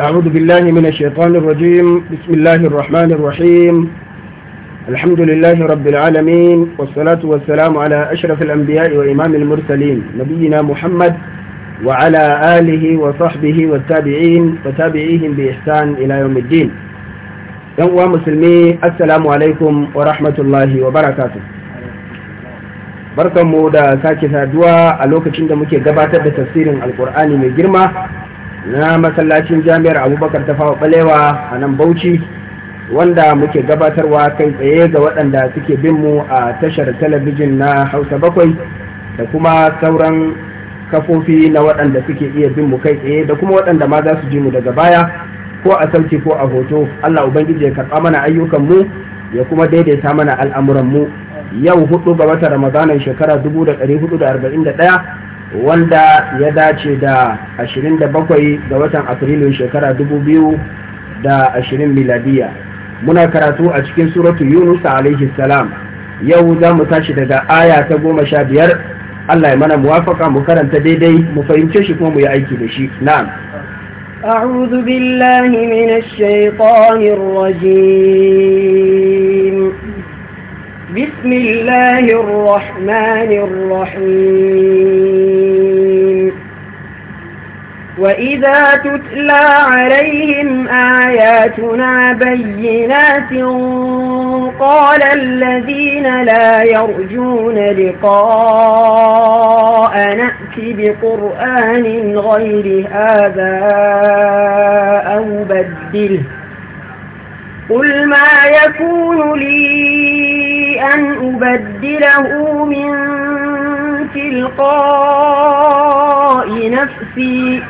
أعوذ بالله من الشيطان الرجيم بسم الله الرحمن الرحيم الحمد لله رب العالمين والصلاة والسلام على أشرف الأنبياء وإمام المرسلين نبينا محمد وعلى آله وصحبه والتابعين وتابعيهم بإحسان إلى يوم الدين يوم مسلمي السلام عليكم ورحمة الله وبركاته barkanmu da sake saduwa a lokacin da muke gabatar da tafsirin alkur'ani mai girma na masallacin jami'ar abubakar ta fawa balewa a nan bauchi wanda muke gabatarwa kai tsaye ga waɗanda suke bin mu a tashar talabijin na hausa bakwai da kuma sauran kafofi na waɗanda suke iya bin mu kai tsaye da kuma waɗanda ma za su ji mu daga baya ko a sauti ko a hoto allah ubangiji ya karɓa mana ayyukan mu ya kuma daidaita mana al'amuran mu yau hudu ga wata ramadanan shekara ɗaya. wanda ya dace da 27 ga watan afrilun shekara 2020 miladiya muna karatu a cikin suratu yunus alaihi salam yau za mu tashi daga aya ta goma sha biyar allah ya mana muwafaka mu karanta daidai mu fahimce shi kuma mu yi aiki da shi na'am أعوذ بالله من الشيطان الرجيم بسم الله الرحمن الرحيم وإذا تتلى عليهم آياتنا بينات قال الذين لا يرجون لقاء نأتي بقرآن غير هذا أو بدله قل ما يكون لي أن أبدله من تلقاء نفسي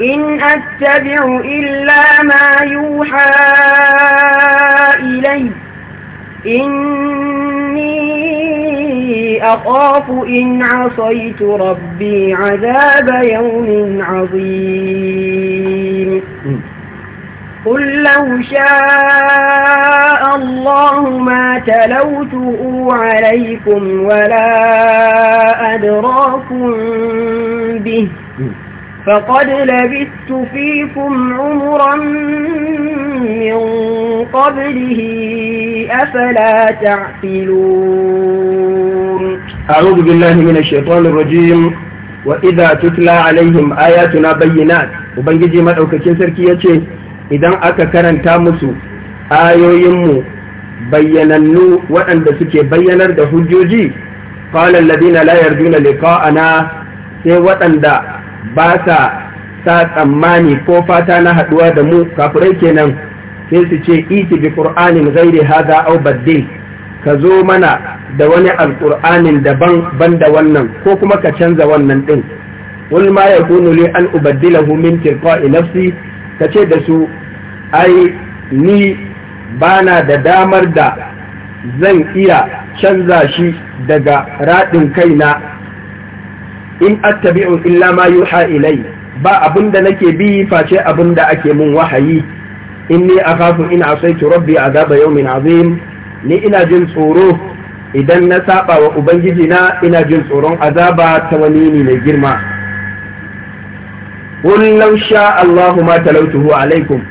إن أتبع إلا ما يوحى إلي إني أخاف إن عصيت ربي عذاب يوم عظيم قل لو شاء الله ما تلوته عليكم ولا أدراكم به فقد لبثت فيكم عمرا من قبله أفلا تعقلون أعوذ بالله من الشيطان الرجيم وإذا تتلى عليهم آياتنا بينات وبنجي ما أوكي كي idan aka karanta musu ayoyinmu bayyanannu waɗanda suke bayyanar da hujjoji qalan ladina la yarjuna liqa'ana sai waɗanda ba sa sa tsammani ko fata na haɗuwa da mu kafirai kenan sai su ce iti bi qur'anin ghairi hadha aw baddil ka zo mana da wani alƙur'anin daban banda wannan ko kuma ka canza wannan din ulma ya yakunu li an ubaddilahu min tilqa'i nafsi ka ce da su ai ni bana da damar da zan iya canza shi daga raɗin kaina in attabi'u illa ma yuha ilai ba abinda nake bi face abinda ake mun wahayi inni kafin in asaitu rabbi azaba yawmin azim ni ina jin tsoro idan na saba wa ubangiji na ina jin tsoron azaba ta wani ne mai girma qul sha Allahu ma talawtuhu alaikum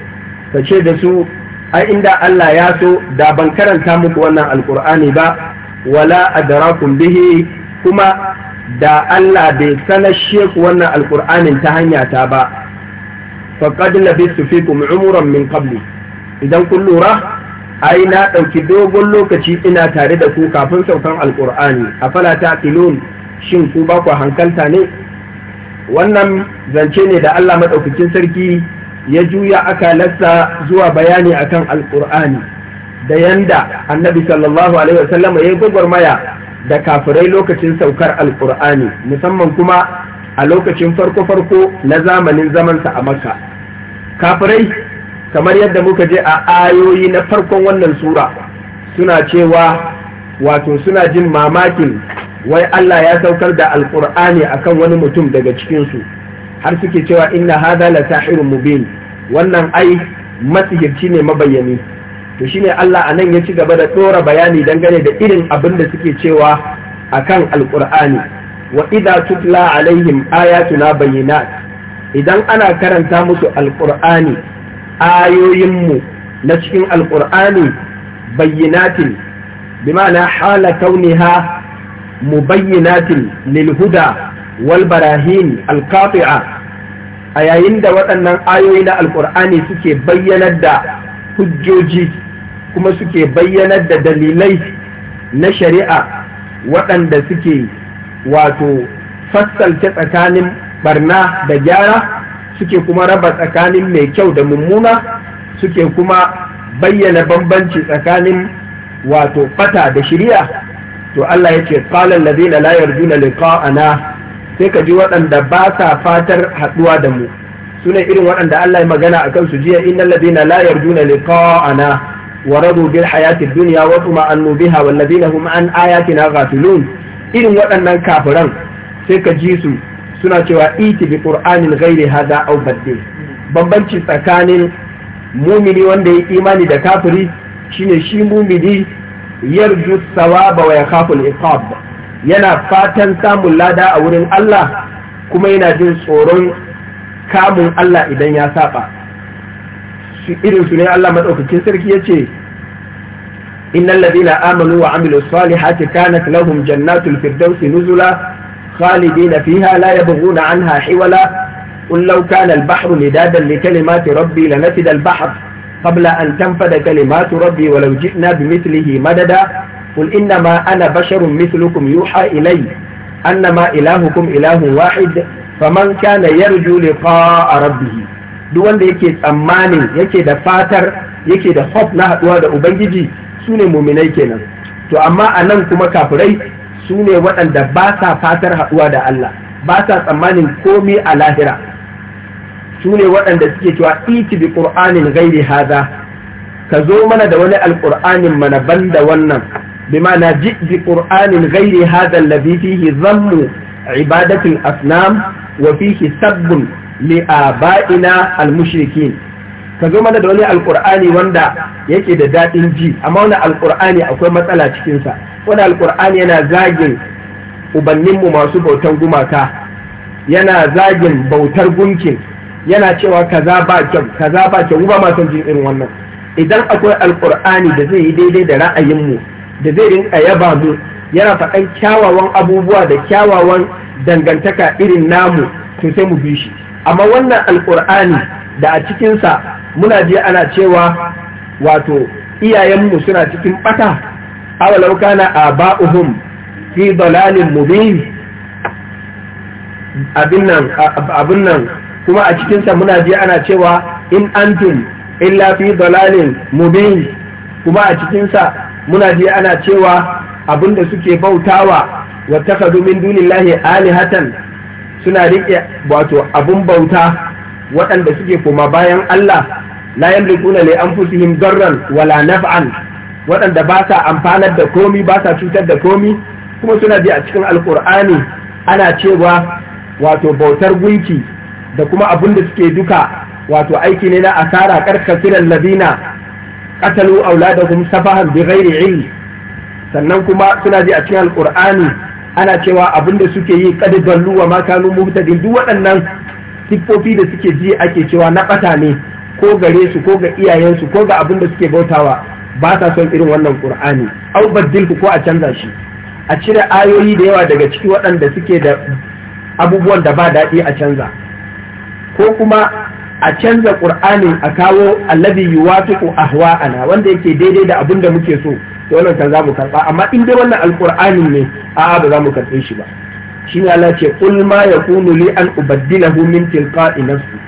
kace da su ai inda Allah ya so da ban karanta muku wannan alqur'ani ba wala adrakum bihi kuma da Allah bai sanashe ku wannan alqur'anin ta hanya ta ba faqad labistu fikum umuran min qabli idan kun lura ai na ɗauki dogon lokaci ina tare da ku kafin saukan alqur'ani afala taqilun shin ku baku ku hankalta ne wannan zance ne da Allah maɗaukacin sarki ya juya akalarsa zuwa bayani akan alƙur'ani da yanda annabi sallallahu alaihi wasallam ya yi gwagwarmaya da kafirai lokacin saukar alkur'ani musamman kuma a lokacin farko-farko na zamanin zamansa a maka. kafirai kamar yadda muka je a ayoyi na farkon wannan sura suna cewa wato suna jin mamakin wai Allah ya saukar da alkur'ani akan wani mutum daga cikin su har suke cewa inna hadha la sahirun mubin wannan ai masihirci ne mabayyani to shine Allah anan ya ci gaba da tsora bayani dangane da irin abin da suke cewa akan alkur'ani wa idza tutla alaihim ayatuna bayyinat idan ana karanta musu alqur'ani ayoyinmu na cikin alkur'ani bayyinatin na hala kauniha mubayyinatin lil huda wal barahin al qati'a a yayin da waɗannan ayoyi na alkur'ani suke bayyanar da hujjoji kuma suke bayyanar da dalilai na shari'a waɗanda suke wato fassalce tsakanin ɓarna da gyara suke kuma raba tsakanin mai kyau da mummuna suke kuma bayyana bambanci tsakanin wato fata da shiri'a? to Allah yake falon ladina la yarjuna liqa'ana sai ka ji waɗanda ba sa fatar haɗuwa da mu sune irin waɗanda Allah ya magana a kansu jiya innal ladina la yarjuna liqa'ana wa radu bil hayati dunya wa tuma'annu biha wal ladina hum an ayatina ghafilun irin waɗannan kafiran sai ka ji su suna cewa iti bi qur'anin ghairi hada aw badde bambanci tsakanin mumini wanda ya imani da kafiri shine shi mumini يرجو الثواب ويخاف العقاب ينا فاتن سام اللادا أورن الله كما ينادين صورون كام الله إذن يساقا إذن سنة الله مدعوك كسر إن الذين آمنوا وعملوا الصالحات كانت لهم جنات الفردوس نزلا خالدين فيها لا يبغون عنها حولا قل لو كان البحر مدادا لكلمات ربي لنفد البحر qabla an tanfada kalimatu rabbi walau ji'na madada qul innama ana basharun mithlukum yuha ilayya annama ilahukum ilahun wahid faman kana yarju liqa'a rabbih duk wanda yake tsammanin yake da fatar yake da hope na haduwa da ubangiji sune muminai kenan to amma a nan kuma kafirai sune waɗanda ba sa fatar haduwa da Allah ba sa tsammanin komi a lahira su ne waɗanda suke cewa iti bi ƙur'anin gairi haza ka zo mana da wani alƙur'anin mana ban da wannan bi na ji bi ƙur'anin gairi haza allazi fihi zammu ibadatul asnam wa fihi sabbun li aba'ina al ka zo mana da wani alƙur'ani wanda yake da daɗin ji amma wani alƙur'ani akwai matsala cikinsa wani alƙur'ani yana zagin ubanninmu masu bautan gumaka yana zagin bautar gunkin yana cewa kaza ba kyau kaza ba kyau ba ma jin irin wannan idan akwai alkur'ani da zai yi daidai da ra'ayinmu da zai rinka yaba mu yana faɗan kyawawan abubuwa da kyawawan dangantaka irin namu to sai mu bi shi amma wannan alkur'ani da a cikinsa muna ji ana cewa wato iyayenmu suna cikin bata awalau kana aba'uhum fi dalalin mubin abin nan abin nan kuma a cikinsa muna ji ana cewa in antum illa fi dalalin mubin kuma a cikinsa muna ji ana cewa abinda suke bautawa wa takadu min dunillahi alihatan suna rike wato abun bauta waɗanda suke koma bayan Allah la yamlikuna li anfusihim darran wala naf'an waɗanda ba sa amfanar da komi ba sa cutar da komi kuma suna ji a cikin alqur'ani ana cewa wato bautar gunki da kuma abin da suke duka wato aiki ne na asara karkasiran ladina katalu auladahum safahan ghairi ilmi sannan kuma suna ji a cikin alqur'ani ana cewa abin da suke yi kad dallu wa ma kanu muhtadin duk waɗannan siffofi da suke ji ake cewa na ɓata ne ko gare su ko ga iyayensu ko ga abin da suke bautawa ba sa son irin wannan qur'ani au baddilku ko a canza shi a cire ayoyi da yawa daga ciki waɗanda suke da abubuwan da ba daɗi a canza ko kuma a canza ƙur'anin a kawo allazi ku ahwa'ana wanda yake daidai da abin da muke so to wannan kan mu karba amma in dai wannan alqur'anin ne a'a ba mu karɓe shi ba shine Allah ce qul ma yakunu li an ubaddilahu min tilqa'i nafsi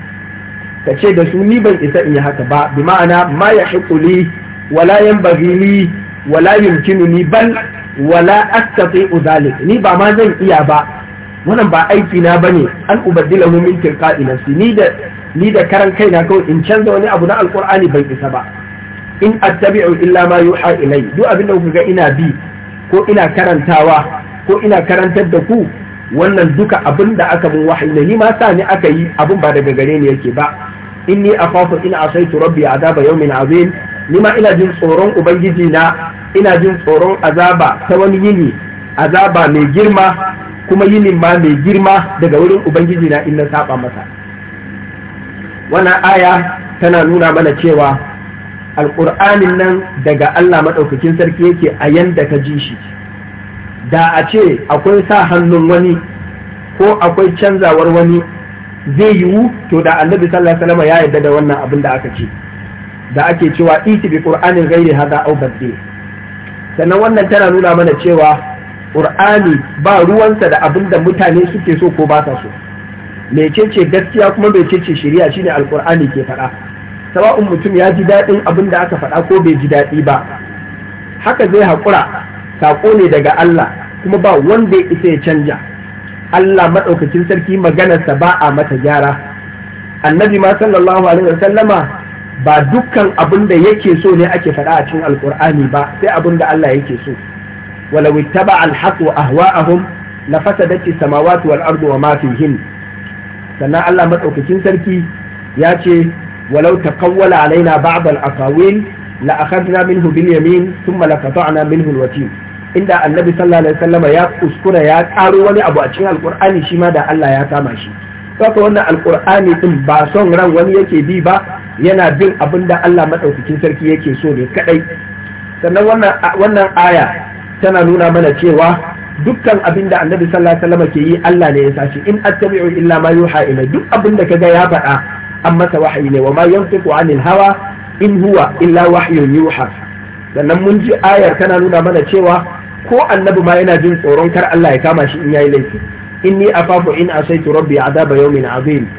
ce da su ni ban isa in yi haka ba bi ma'ana ma yahiqu li wala yanbaghi li wala yumkinu ni bal wala astati'u dhalik ni ba ma zan iya ba wannan ba aiki na bane an ubaddila hu min tilqa'i nafsi ni da ni da karan kaina kawai in canza wani abu na alqur'ani bai isa ba in attabi'u illa ma yuha ilai duk abin da kuka ina bi ko ina karantawa ko ina karantar da ku wannan duka abin da aka bin wahayi ne ni ma sa ni aka yi abin ba daga gare ni yake ba inni akhafu in asaitu rabbi azaba yawmin azim ni ma ina jin tsoron ubangiji na ina jin tsoron azaba ta wani yini azaba mai girma kuma yi ma mai girma daga wurin ubangiji na in na saba masa wannan aya tana nuna mana cewa alƙur'anin nan daga Allah maɗaukakin sarki yake a yanda ka ji shi da a ce akwai sa hannun wani ko akwai canzawar wani zai yiwu to da annabi sallallahu alaihi wasallam ya yarda da wannan abin da aka ce da ake cewa iti bi qur'anin ghairi hada au badde sannan wannan tana nuna mana cewa qur'ani ba ruwansa da abin da mutane suke so ko ba sa so mecece gaskiya kuma mecece shari'a shine alkur'ani ke faɗa sawa'un mutum ya ji daɗin abin da aka faɗa ko bai ji daɗi ba haka zai haƙura saƙo ne daga Allah kuma ba wanda ya isa ya canja Allah maɗaukakin sarki maganarsa ba a mata gyara annabi ma sallallahu alaihi wa sallama, ba dukkan abin da yake so ne ake faɗa a cikin alƙur'ani ba sai abin da Allah yake so ولو اتبع الحق أهواءهم لفسدت السماوات والأرض وما فيهن sannan Allah maɗaukakin sarki ya ce walau taqawwala alaina ba'd al-aqawil la akhadna minhu bil yamin thumma laqata'na minhu al-watin inda annabi sallallahu alaihi ya kuskura ya karo wani abu a cikin alqur'ani shima da Allah ya kama shi saka wannan alqur'ani din ba son ran wani yake bi ba yana bin abin da Allah maɗaukakin sarki yake so ne kaɗai. sannan wannan wannan aya tana nuna mana cewa dukkan abin da annabi sallallahu alaihi wasallam ke yi Allah ne ya sashi in attabi'u illa ma yuha ilai duk abin da kaga ya faɗa an masa wahayi ne wa ma yantiqu anil hawa in huwa illa wahyun yuha sannan mun ji ayar tana nuna mana cewa ko annabi ma yana jin tsoron kar Allah ya kama shi in yayi laifi inni afafu in asaitu rabbi adaba yawmin azim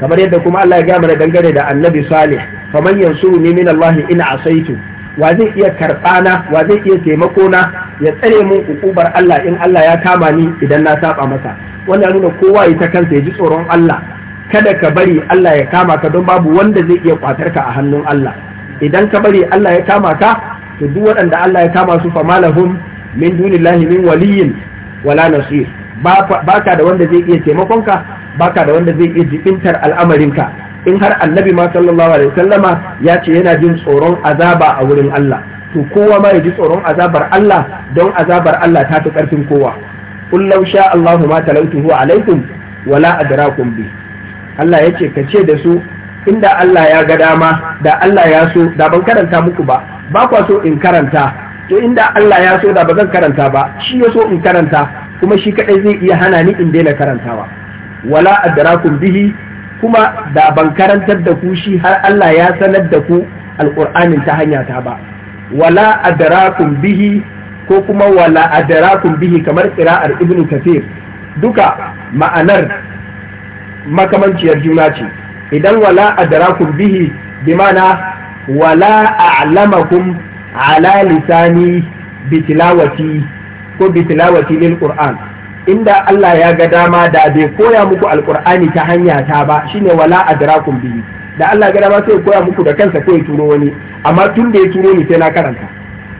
kamar yadda kuma Allah ya gaya mana dangane da annabi salih faman yansuru ni min Allah in asaitu wa zai iya karɓa na wa zai iya taimako na ya tsare mun ukubar Allah in Allah ya kama ni idan na saba masa wannan nuna kowa ya ta kansa ya ji tsoron Allah kada ka bari Allah ya kama ka don babu wanda zai iya kwatar ka a hannun Allah idan ka bari Allah ya kama ka to duk waɗanda Allah ya kama su famalahum min dunillahi min waliyin wala nasir ba ka da wanda zai iya taimakonka ba ka da wanda zai iya jibintar al'amarinka in har annabi ma sallallahu alaihi sallama, ya ce yana jin tsoron azaba a wurin Allah to kowa ma ya ji tsoron azabar Allah don azabar Allah ta fi karfin kowa qul law sha Allahu ma talautuhu alaikum wala adrakum bi Allah yace ka ce da su inda Allah ya ga dama da Allah ya so da ban karanta muku ba ba kwa so in karanta to inda Allah ya so da ba zan karanta ba shi ya so in karanta kuma shi kadai zai iya hana ni in daina karantawa wala adrakum bihi kuma da ban karantar da ku shi har Allah ya sanar da ku alƙur'anin ta hanya ta ba wala adrakum bihi ko kuma wala adrakum bihi kamar qira'ar ibnu kathir duka ma'anar makamanciyar juna ce idan wala adrakum bihi bi mana wala a'lamakum ala lisani bitilawati ko bitilawati lil qur'an inda Allah ya ga dama da bai koya muku alkur'ani ta hanya ta ba shine wala adrakum bihi da Allah ga dama sai koya muku da kansa ko ya turo wani amma tun da ya turo ni sai na karanta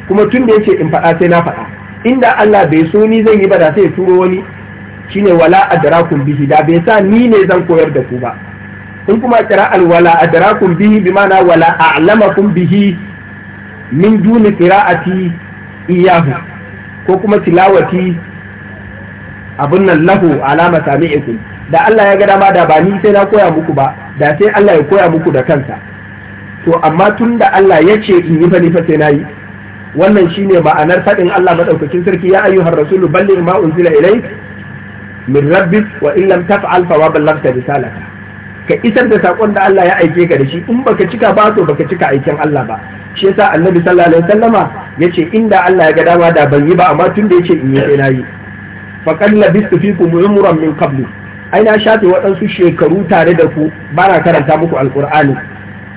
kuma tun da yace in faɗa sai na faɗa inda Allah bai so ni zan yi ba da sai ya turo wani shine wala adrakum bihi da bai sa ni ne zan koyar da ku ba in kuma kira al wala adrakum bihi bi ma'ana wala a'lamakum bihi min duni qira'ati iyahu ko kuma tilawati abun nan lahu alama sami'ikum da Allah ya ga dama da ba ni sai na koya muku ba da sai Allah ya koya muku da kansa to amma tun da Allah ya ce in yi fa ni fa sai na yi wannan shine ma'anar faɗin Allah madaukakin sarki ya ayyuhar rasulu balligh ma unzila ilayk min rabbik wa in lam taf'al fa ma ballaghta risalata ka isar da sakon da Allah ya aike ka da shi in baka cika ba to baka cika aikin Allah ba shi yasa Annabi sallallahu alaihi wasallama yace inda Allah ya ga dama da ban yi ba amma tun da yace in yi sai na yi faqad labistu fikum umran min ai na shafe waɗansu shekaru tare da ku bana karanta muku Alƙur'ani,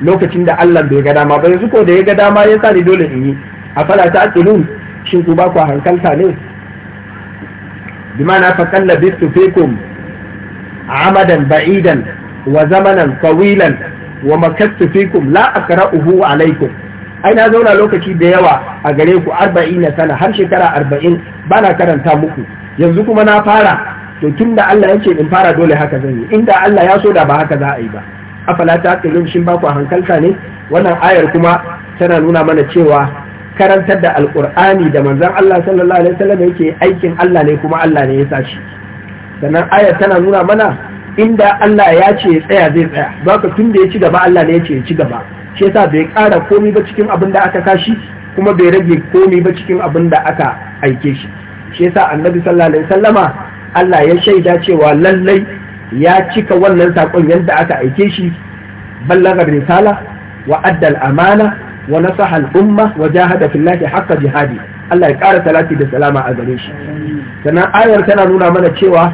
lokacin da Allah bai ga dama ba yanzu ko da ya ga dama ya sa ni dole in yi afala ta'qilun shin ku ba ku hankalta ne bimana faqad labistu ku amadan ba'idan wa zamanan tawilan wa makattu ku la akra'uhu alaikum ai na zauna lokaci da yawa a gare ku arba'in na sana har shekara arba'in bana karanta muku yanzu kuma na fara to tun da Allah ya ce in fara dole haka zan yi inda Allah ya so da ba haka za a yi ba afala ta aqilun shin ba ku hankalta ne wannan ayar kuma tana nuna mana cewa karantar da alqur'ani da manzon Allah sallallahu alaihi wasallam yake aikin Allah ne kuma Allah ne ya sa shi sannan ayar tana nuna mana inda Allah ya ce tsaya zai tsaya ba ka tun ya ci gaba Allah ne ya ce ya ci gaba shi yasa bai kara komai ba cikin abin da aka kashi kuma bai rage komai ba cikin abin da aka aike shi shi yasa annabi sallallahu alaihi Allah ya shaida cewa lallai ya cika wannan sakon yadda aka aike shi ballaga risala wa addal amana wa nasaha al umma wa jahada fillahi haqqa jihadi Allah ya ƙara salati da salama a gare shi sannan ayar tana nuna mana cewa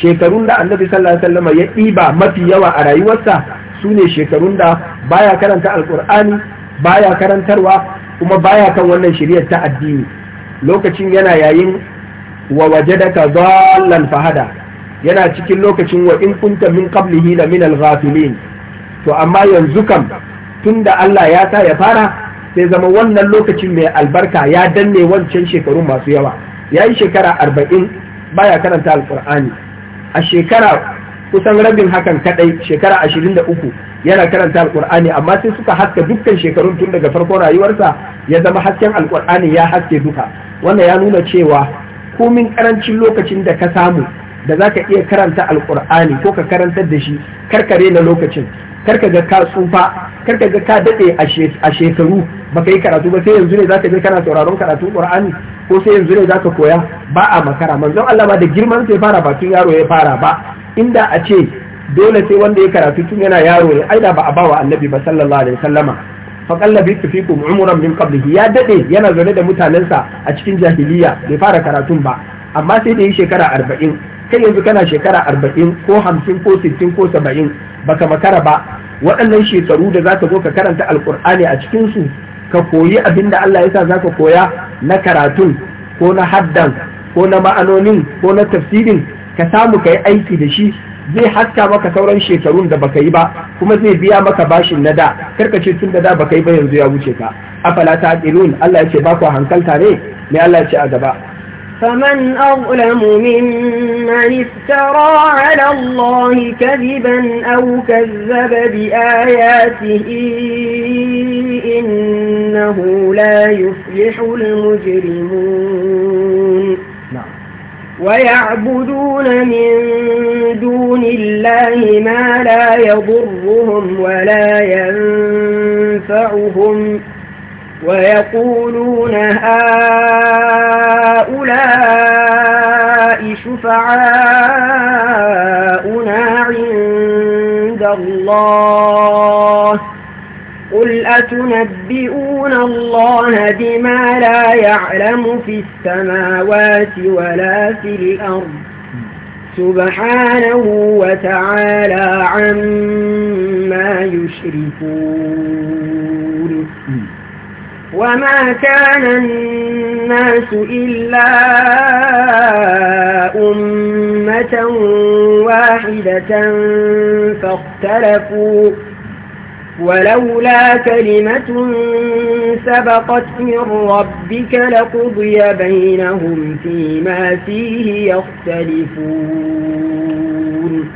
shekarun da annabi sallallahu alaihi ya ɗiba mafi yawa a rayuwarsa su ne shekarun da baya karanta alkur'ani baya karantarwa kuma baya kan wannan shiriyar ta addini lokacin yana yayin wa wajadaka dhallan fahada yana cikin lokacin wa in kunta min qablihi la min al-ghafilin to amma yanzu kam tunda Allah ya sa ya fara sai zama wannan lokacin mai albarka ya danne wancan shekaru masu yawa ya yi shekara arba'in baya karanta alkur'ani a shekara kusan rabin hakan kadai shekara ashirin da uku yana karanta Alƙur'ani, amma sai suka haska dukkan shekarun tun daga farkon rayuwarsa ya zama hasken alkur'ani ya haske duka wannan ya nuna cewa komin karancin lokacin da ka samu da za ka iya karanta alkur'ani ko ka karantar da shi karkare na lokacin karka ga ka tsufa karka ga ka daɗe a shekaru baka yi karatu ba sai yanzu ne ka je kana sauraron karatun qur'ani ko sai yanzu ne ka koya ba a makara manzon Allah ma da girman sai fara ba tun yaro ya fara ba inda a ce dole sai wanda ya karatu tun yana yaro ne ai ba a bawa annabi ba sallallahu alaihi wasallama faƙalla bi su umuran min qablihi ya dade yana zaune da mutanensa a cikin jahiliya bai fara karatun ba amma sai da yi shekara arba'in kai yanzu kana shekara arba'in ko hamsin ko sittin ko saba'in baka makara ba waɗannan shekaru da zaka zo ka karanta alƙur'ani a cikinsu ka koyi abin da Allah ya sa zaka koya na karatun ko na haddan ko na ma'anonin ko na tafsirin ka samu ka yi aiki da shi zai haska maka sauran shekarun da baka yi ba kuma zai biya maka bashin na da karkace tun da da baka yi ba yanzu ya wuce ka afala ta aqilun Allah ya ce ba ku hankalta ne ne Allah ya ce a gaba فمن أظلم ممن افترى على الله كذبا أو كذب بآياته إنه لا يفلح المجرمون ويعبدون من دون الله ما لا يضرهم ولا ينفعهم ويقولون هؤلاء شفعاؤنا عند الله أتنبئون الله بما لا يعلم في السماوات ولا في الأرض سبحانه وتعالى عما يشركون وما كان الناس إلا أمة واحدة فاختلفوا ولولا كلمة سبقت من ربك لقضي بينهم فيما فيه يختلفون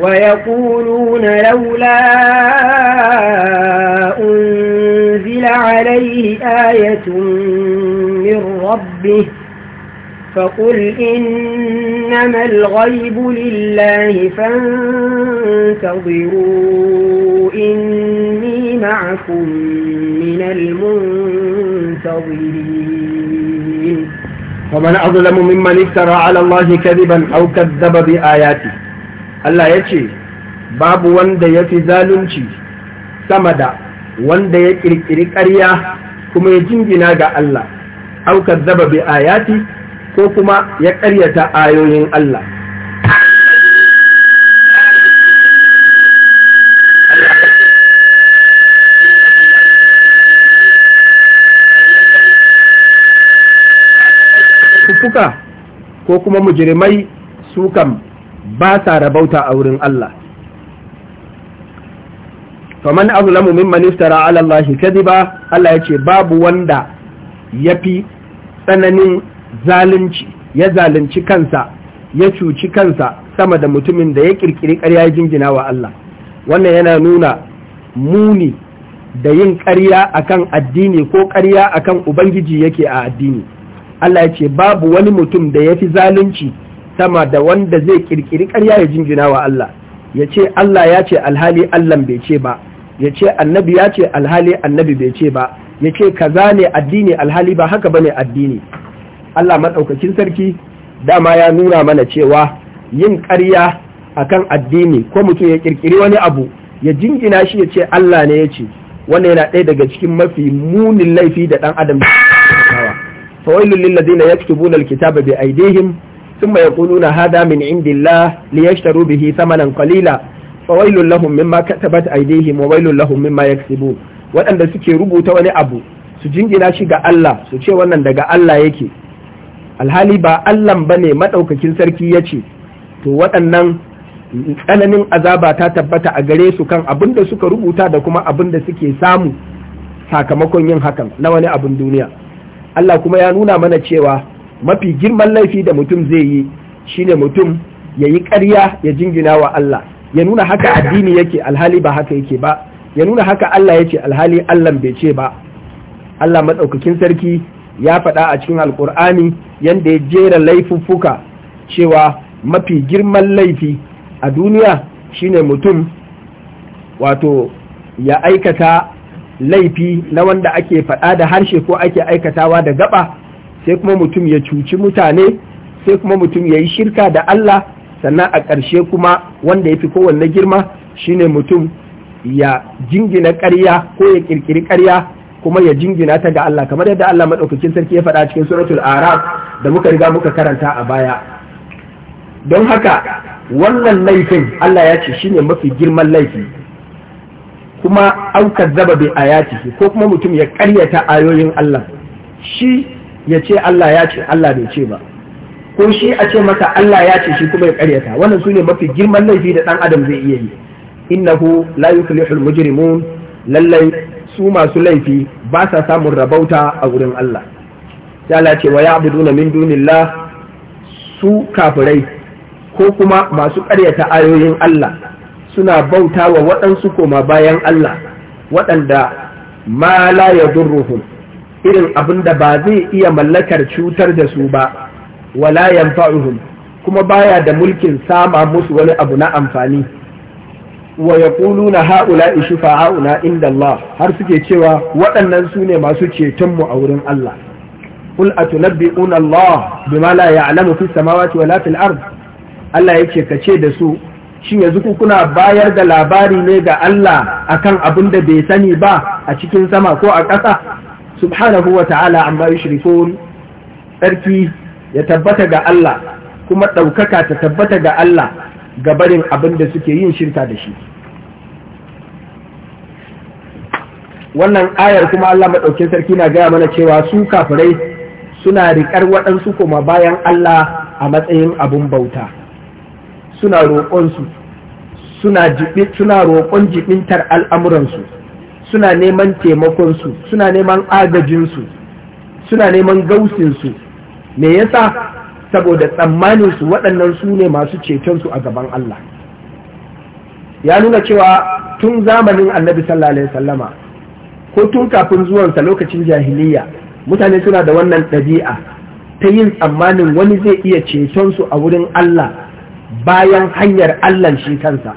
ويقولون لولا أنزل عليه آية من ربه فقل إنما الغيب لله فانتظروا إني معكم من المنتظرين ومن أظلم ممن افترى على الله كذبا أو كذب بآياته الله يتشي باب وند يفي ذالنشي سمد وند يكرك إريك أريا كما يجنجنا الله أو كذب بآياته ko kuma ya ƙaryata ayoyin Allah Kuka ko kuma mujirimai su kan ba sa rabauta a wurin Allah faman azlamu mimman iftara ala Allah kadiba Allah ya ce, babu wanda ya fi tsananin zalunci ya zalunci kansa ya cuci kansa sama da mutumin da ya kirkiri ƙarya ya jingina wa Allah wannan yana nuna muni da yin ƙarya akan addini ko ƙarya akan ubangiji yake a addini Allah ya ce babu wani mutum da ya fi zalunci sama da wanda zai kirkiri ƙarya ya jingina wa Allah ya ce Allah ya ce alhali Allah bai ce ba ya ce annabi ya ce alhali annabi bai ce ba ya ce kaza ne addini alhali ba haka bane addini Allah maɗaukakin sarki dama ya nuna mana cewa yin ƙarya akan addini ko mutum ya ƙirƙiri wani abu ya jingina shi ya ce Allah ne ya ce wannan yana ɗaya daga cikin mafi munin laifi da ɗan adam fawailul lil ladina yaktubuna alkitaba bi aydihim thumma yaquluna hada min indillah liyashtaru bihi thamanan qalila fawailul lahum mimma katabat aydihim wa wailul lahum mimma yaksibun waɗanda suke rubuta wani abu su jingina shi ga Allah su ce wannan daga Allah yake alhali ba allan ba ne maɗaukakin sarki ya ce to waɗannan tsananin azaba ta tabbata a gare su kan abin da suka rubuta da kuma abin da suke samu sakamakon yin hakan na wani abin duniya Allah kuma ya nuna mana cewa mafi girman laifi da mutum zai yi shi ne mutum ya yi ƙarya ya jingina wa Allah ya nuna haka addini yake alhali ba haka yake ba ya nuna haka Allah yake alhali Allah bai ce ba Allah maɗaukakin sarki ya faɗa a cikin alkur'ani yadda ya jera laifuffuka cewa mafi girman laifi a duniya shine mutum wato ya aikata laifi na wanda ake faɗa da harshe ko ake aikatawa da gaba sai kuma mutum ya cuci mutane sai kuma mutum ya yi shirka da Allah sannan a ƙarshe kuma wanda ya fi kowanne girma shine mutum ya jingina ƙarya ko ya ƙirƙiri ƙarya kuma ya jingina ta ga Allah kamar yadda Allah madaukakin sarki ya faɗa cikin suratul araf da muka riga muka karanta a baya don haka wannan laifin Allah ya ce shine mafi girman laifi kuma auka zaba bi ayati ko kuma mutum ya ƙaryata ayoyin Allah shi ya ce Allah ya ce Allah bai ce ba ko shi a ce masa Allah ya ce shi kuma ya ƙaryata. wannan su ne mafi girman laifi da ɗan adam zai iya yi innahu la yuflihul mujrimun lallai su masu laifi ba sa samun rabauta a wurin Allah ya abu, wa ya'buduna min dunillah su kafirai ko kuma masu ƙaryata ayoyin Allah suna bauta wa waɗansu koma bayan Allah waɗanda ma la durruhun irin abin da ba zai iya mallakar cutar da su ba wala yanfa'uhum kuma baya da mulkin sama musu wani abu na amfani wa ha'ula ishi shufa'auna inda Allah har suke cewa waɗannan su ne masu ceton mu a wurin Allah qul atunabbi'una Allah bima la ya'lamu fis samawati wala fil ard Allah yake kace da su shin yanzu ku kuna bayar da labari ne ga Allah akan abin da bai sani ba a cikin sama ko a ƙasa subhanahu wa ta'ala amma yushrikun tsarki ya tabbata ga Allah kuma ɗaukaka ta tabbata ga Allah ga barin abin da suke yin shirka da shi wannan ayar kuma Allah maɗaukin sarki na gaya mana cewa su kafirai suna riƙar waɗansu koma bayan Allah a matsayin abin bauta suna roƙonsu suna roƙon jibintar al'amuransu suna neman taimakonsu suna neman agajinsu suna neman gausinsu me yasa saboda tsammanin su waɗannan su ne masu cetonsu a gaban Allah ya nuna cewa tun zamanin annabi sallallahu alaihi ko tun kafin zuwansa lokacin jahiliya mutane suna da wannan ɗabi'a ta yin tsammanin wani zai iya cetonsu a wurin Allah bayan hanyar Allah shi kansa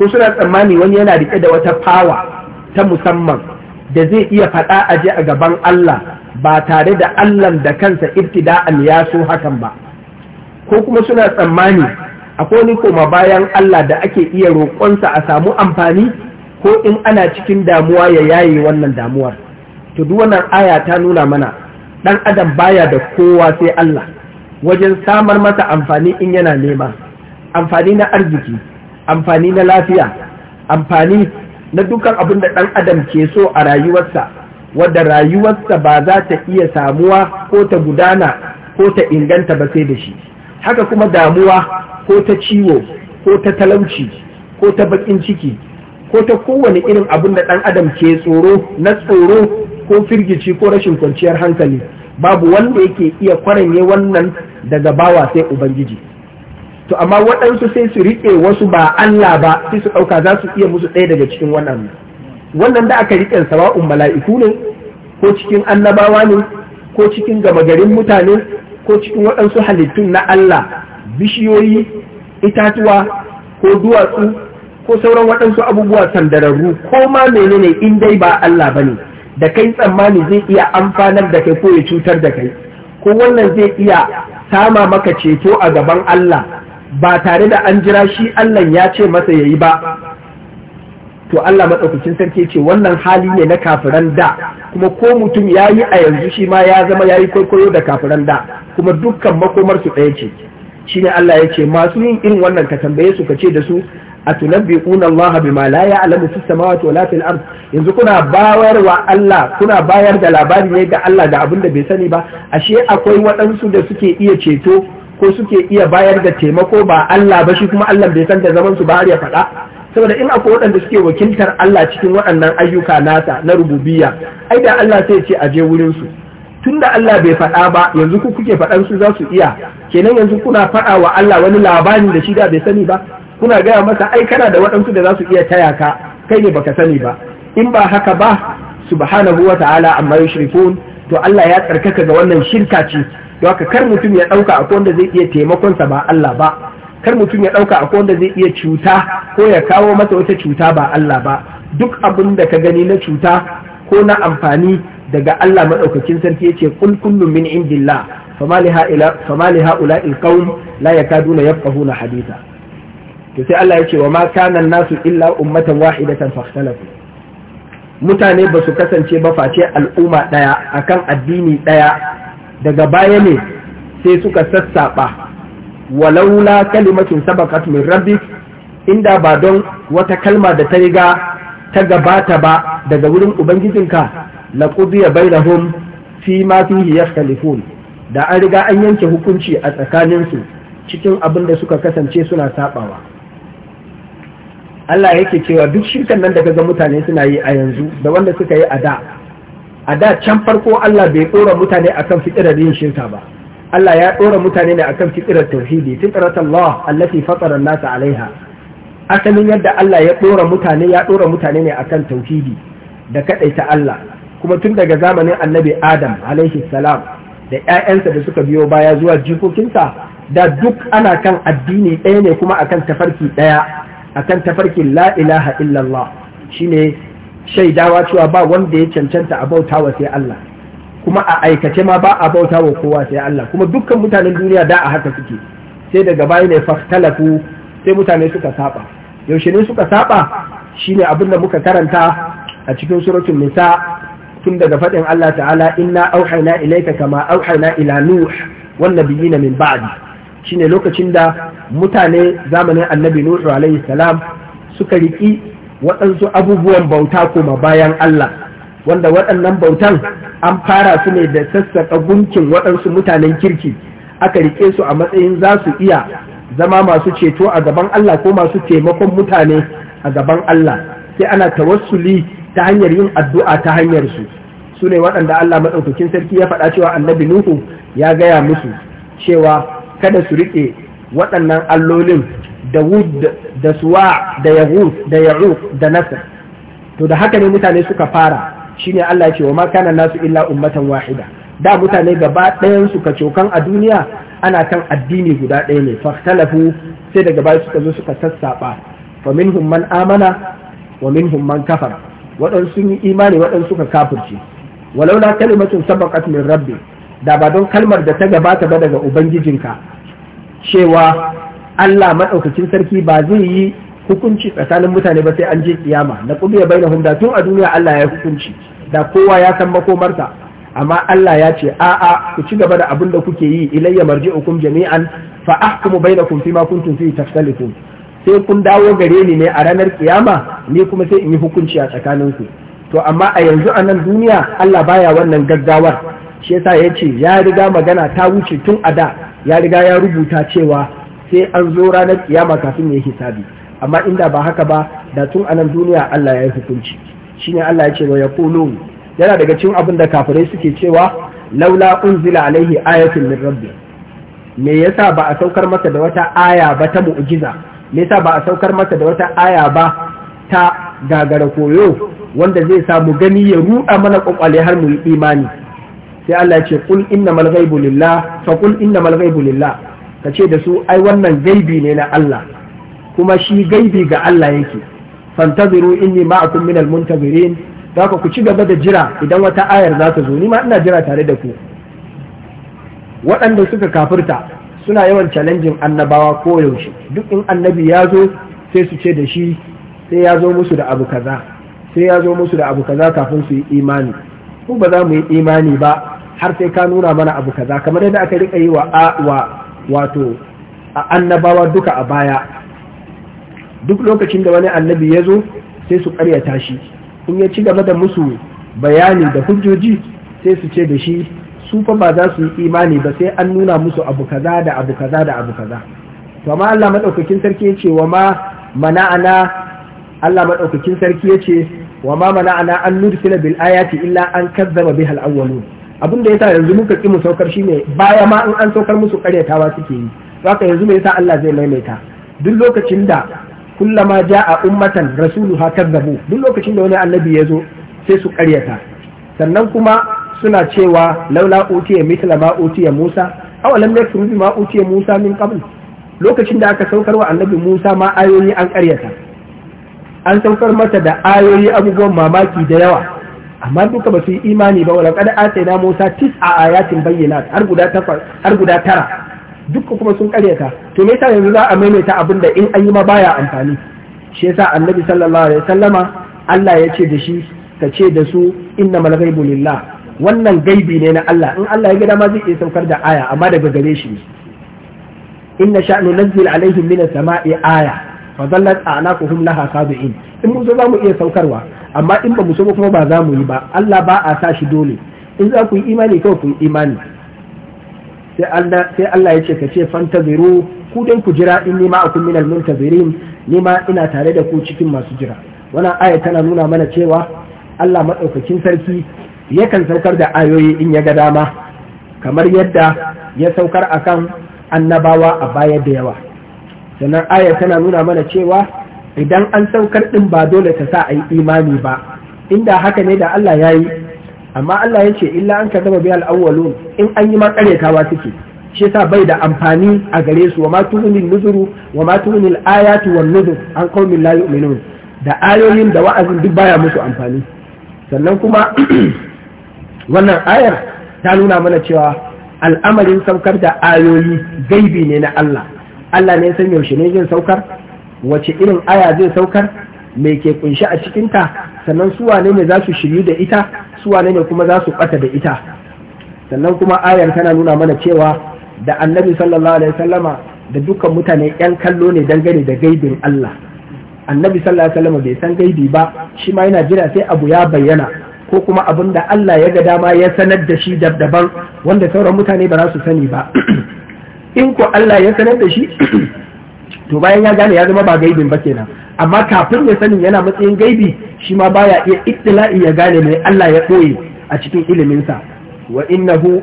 ko suna tsammani wani yana rike da wata fawa ta musamman da zai iya faɗa a je a gaban Allah ba tare da Allah da kansa ibtida'an ya so hakan ba ko kuma suna tsammani akwai ni koma bayan Allah da ake iya roƙonsa a samu amfani ko in ana cikin damuwa ya yaye wannan damuwar to duk wannan aya ta nuna mana dan adam baya da kowa sai Allah wajen samar masa amfani in yana nema amfani na arziki amfani na lafiya amfani na dukkan abin da ɗan adam ke so a rayuwarsa wadda rayuwarsa ba za ta iya samuwa ko ta gudana ko ta inganta ba sai da shi haka kuma damuwa ko ta ciwo ko ta talauci ko ta bakin ciki ko ta kowane irin abin da ɗan adam ke tsoro na tsoro ko firgici ko rashin kwanciyar hankali babu wanda yake iya kwaranye wannan daga bawa sai ubangiji to amma waɗansu sai su riƙe wasu ba Allah ba sai su ɗauka za su iya musu ɗaya daga cikin wannan wannan da aka riƙe sawa'un mala'iku ne ko cikin annabawa ne ko cikin gama garin mutane ko cikin waɗansu halittun na Allah bishiyoyi itatuwa ko duwatsu ko sauran waɗansu abubuwa sandararru ko ma menene in dai ba Allah bane da kai tsammani zai iya amfanar da kai ko ya cutar da kai ko wannan zai iya sama maka ceto a gaban Allah ba tare da an jira shi Allah ya ce masa ya yi ba to Allah matsaukacin sarki ce wannan hali ne na kafiran da kuma ko mutum ya yi a yanzu shi ma ya zama ya yi kwaikwayo da kafiran da kuma dukkan makomarsu ɗaya ce ne Allah ya ce masu yin irin wannan ka tambaye su ka ce da su A ƙuna Allah ma la ya'lamu fis samawati wala fil ard yanzu kuna bayarwa Allah kuna bayar da labari ne ga Allah da abin da bai sani ba ashe akwai waɗansu da suke iya ceto ko suke iya bayar da taimako ba Allah ba shi kuma Allah bai san da zaman su ba har ya faɗa saboda in akwai waɗanda suke wakiltar Allah cikin waɗannan ayyuka nasa na rububiya, ai da Allah sai ce a je wurin su tunda Allah bai faɗa ba yanzu ku kuke faɗan su za su iya kenan yanzu kuna faɗa wa Allah wani labarin da shi da bai sani ba kuna gaya masa ai kana da waɗansu da za su iya taya ka kai ne baka sani ba in ba haka ba subhanahu wa ta'ala amma yushrikun to Allah ya tsarkaka ga wannan shirka ce yawaka kar mutum ya ɗauka akwai wanda zai iya taimakonsa ba Allah ba kar mutum ya ɗauka a wanda zai iya cuta ko ya kawo masa wata cuta ba Allah ba duk abin da ka gani na cuta ko na amfani daga Allah maɗaukakin sarki yace kul kullum min indillah fama li ha'ula ya qawm na yakaduna yafqahuna haditha to sai Allah ce wa ma kana nasu illa ummatan wahidatan fahtalafu mutane ba su kasance ba face al'umma ɗaya, akan addini ɗaya. daga baya ne sai suka sassaɓa walaula kalimatin sabakat min rabbi inda ba don wata kalma da ta riga ta gabata ba daga wurin ubangijinka la qudiya bainahum fi ma fihi yakhtalifun da an riga an yanke hukunci a tsakaninsu cikin abin da suka kasance suna sabawa Allah yake cewa duk shirkan nan da ga mutane suna yi a yanzu da wanda suka yi a da a da can farko Allah bai ɗora mutane akan fitirar yin shirka ba Allah ya ɗora mutane ne akan fitirar tauhidi fitrat Allah allati fatara an-nas alaiha asalin yadda Allah ya ɗora mutane ya ɗora mutane ne akan tauhidi da kadaita Allah kuma tun daga zamanin annabi Adam alaihi salam da ƴaƴansa da suka biyo baya zuwa jikokinsa da duk ana kan addini ɗaya ne kuma akan tafarki ɗaya akan tafarkin la ilaha illallah shine shaidawa cewa ba wanda ya cancanta a bautawa sai Allah kuma a aikace ma ba a bautawa kowa sai Allah kuma dukkan mutanen duniya da a haka suke sai daga baya ne fahtalafu sai mutane suka saba yaushe ne suka saba shine abin da muka karanta a cikin suratul nisa tun daga faɗin Allah ta'ala inna auhayna ilayka kama auhayna ila nuh wan nabiyina min ba'di shine lokacin da mutane zamanin annabi nuh alayhi salam suka riki waɗansu abubuwan bauta kuma bayan Allah wanda waɗannan bautan an fara su ne da sassaƙa gunkin waɗansu mutanen kirki aka riƙe su a matsayin za su iya zama masu ceto a gaban Allah ko masu taimakon mutane a gaban Allah sai ana tawassuli ta hanyar yin addu'a ta hanyar su su ne waɗanda Allah maɗaukakin sarki ya faɗa cewa annabi Nuhu ya gaya musu cewa kada su riƙe waɗannan allolin da wud da suwa da yahud da ya'uf da nasr to da haka ne mutane suka fara shine Allah ya ce wa ma kana nasu illa ummatan wahida da mutane gaba ɗayan su ka cokan a duniya ana kan addini guda ɗaya ne fahtalafu sai daga baya suka zo suka sassaɓa fa minhum man amana wa minhum man kafara waɗansu sun yi imani waɗansu suka kafirce walau la kalimatun sabaqat min rabbi da ba don kalmar da ta gabata ba daga ubangijinka cewa Allah maɗaukakin sarki ba zai yi hukunci tsakanin mutane ba sai an je kiyama na bai na hunda tun a duniya Allah ya hukunci da kowa ya san makomarsa amma Allah ya ce a'a ku ci gaba da abin da kuke yi ilayya marji'ukum jami'an fa ahkumu bainakum fima kuntum fihi takhtalifun sai kun dawo gare ni ne a ranar kiyama ni kuma sai in yi hukunci a tsakaninku to amma a yanzu a nan duniya Allah baya wannan gaggawar shi yasa ya ce ya riga magana ta wuce tun a da ya riga ya rubuta cewa sai an zo ranar kiyama kafin ya yi hisabi amma inda ba haka ba da tun a nan duniya Allah ya yi hukunci shine Allah ya ce wa yaqulu yana daga cikin abin da kafirai suke cewa laula unzila alaihi ayatun min rabbi me yasa ba a saukar masa da wata aya ba ta mu'jiza me yasa ba a saukar masa da wata aya ba ta gagara koyo wanda zai samu gani ya ruɗa mana kwakwale har mu yi imani sai Allah ya ce kul innamal ghaibu lillah fa kul innamal ghaibu lillah ka ce da su ai wannan gaibi ne na Allah kuma shi gaibi ga Allah yake fantaziru inni ma'akum minal muntazirin za ku ci gaba da jira idan wata ayar za ta zo ni ma ina jira tare da ku waɗanda suka kafirta suna yawan challenging annabawa ko yaushe duk in annabi ya zo sai su ce da shi sai ya zo musu da abu kaza sai ya zo musu da abu kaza kafin su yi imani ko ba za mu yi imani ba har sai ka nuna mana abu kaza kamar yadda aka rika yi wa wato annabawa duka a baya duk lokacin da wani annabi ya zo sai su karyata shi in ya ci gaba da musu bayani da hujjoji sai su ce da shi su fa ba za su yi imani ba sai an nuna musu abu kaza da abu kaza da abu kaza to amma Allah madaukakin sarki yace wa ma mana'ana Allah madaukakin sarki ce wa ma mana'ana an nursila bil ayati illa an kazzaba bihal awwalun abin da ya sa yanzu muka ki mu saukar shi shine baya ma in an saukar musu karyatawa suke yi haka yanzu me yasa Allah zai maimaita duk lokacin da kullama a ummatan rasuluha kadzabu duk lokacin da wani annabi ya zo sai su karyata sannan kuma suna cewa laula utiya mithla ma utiya Musa aw lam yakfuru bima utiya Musa min qabl lokacin da aka saukar wa annabi Musa ma ayoyi an karyata an saukar mata da ayoyi abubuwan mamaki da yawa amma duka ba su yi imani ba wala kada atayna Musa tis'a ayatin bayyana har guda takwas har guda tara duka kuma sun karyata to me yasa yanzu za a maimaita abin da in an yi ma baya amfani shi yasa Annabi sallallahu alaihi wasallama Allah ya ce da shi ka ce da su inna ghaibu lillah wannan gaibi ne na Allah in Allah ya ga dama zai iya saukar da aya amma daga gare shi ne inna sha'nu nazzil alaihim minas sama'i aya fa dhallat a'naquhum laha khadi'in in mun zo zamu iya saukarwa amma in ba mu so kuma ba za mu yi ba Allah ba a sa shi dole in za ku yi imani kawai ku yi imani sai Allah ya ce ka ce fantaziru ku dai ku jira in nima akun minal muntazirin nima ina tare da ku cikin masu jira wannan aya tana nuna mana cewa Allah madaukakin sarki yakan saukar da ayoyi in ya ga dama kamar yadda ya saukar akan annabawa a baya da yawa sannan aya tana nuna mana cewa idan an saukar din ba dole ta sa a yi imani ba inda haka ne da Allah ya yi amma Allah ya ce illa an ka zama biyar in an yi makaryatawa suke shi sa bai da amfani a gare su wa matuhunin nuzuru wa matuhunin ayatu wa nuzur an kawmin la yu'minun da ayoyin da wa'azin duk baya musu amfani sannan kuma wannan ayar ta nuna mana cewa al'amarin saukar da ayoyi gaibi ne na Allah Allah ne san yaushe ne zai saukar wace irin aya zai saukar mai ke kunshi a cikinta sannan su wane ne za su shiryu da ita su wane ne kuma za su bata da ita sannan kuma ayar tana nuna mana cewa da annabi sallallahu alaihi wasallama da dukkan mutane yan kallo ne dangane da gaibin Allah annabi sallallahu alaihi wasallama bai san gaibi ba shi ma yana jira sai abu ya bayyana ko kuma abin da Allah ya ga dama ya sanar da shi daban wanda sauran mutane ba za su sani ba in ko Allah ya sanar da shi to bayan ya gane ya zama ba gaibin ba kenan amma kafin ya sani yana matsayin gaibi shi ma baya iya ittila'i ya gane mai Allah ya koye a cikin iliminsa wa innahu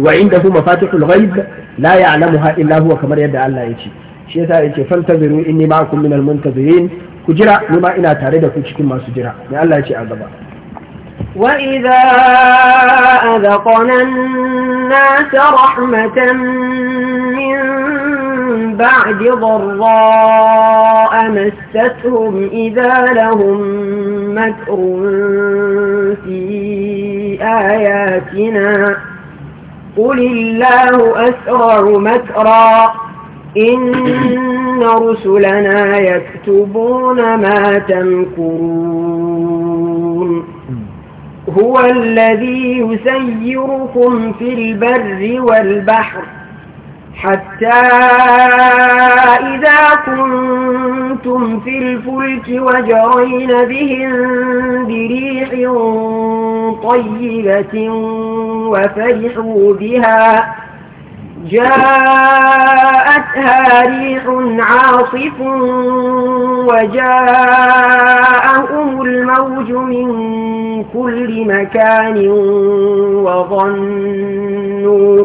wa indahu mafatihul ghaib la ya'lamuha illa huwa kamar yadda Allah ya ce shi yasa yake fantaziru inni ma'akum minal muntazirin ku jira ni ma ina tare da ku cikin masu jira mai Allah ya ce a gaba وإذا أذقنا الناس رحمة من بعد ضراء مستهم إذا لهم مكر في آياتنا قل الله أسرع مكرا إن رسلنا يكتبون ما تمكرون هو الذي يسيركم في البر والبحر حتى إذا كنتم في الفلك وجرين بهم بريح طيبة وفرحوا بها جاءتها ريح عاصف وجاءهم الموج من كل مكان وظنوا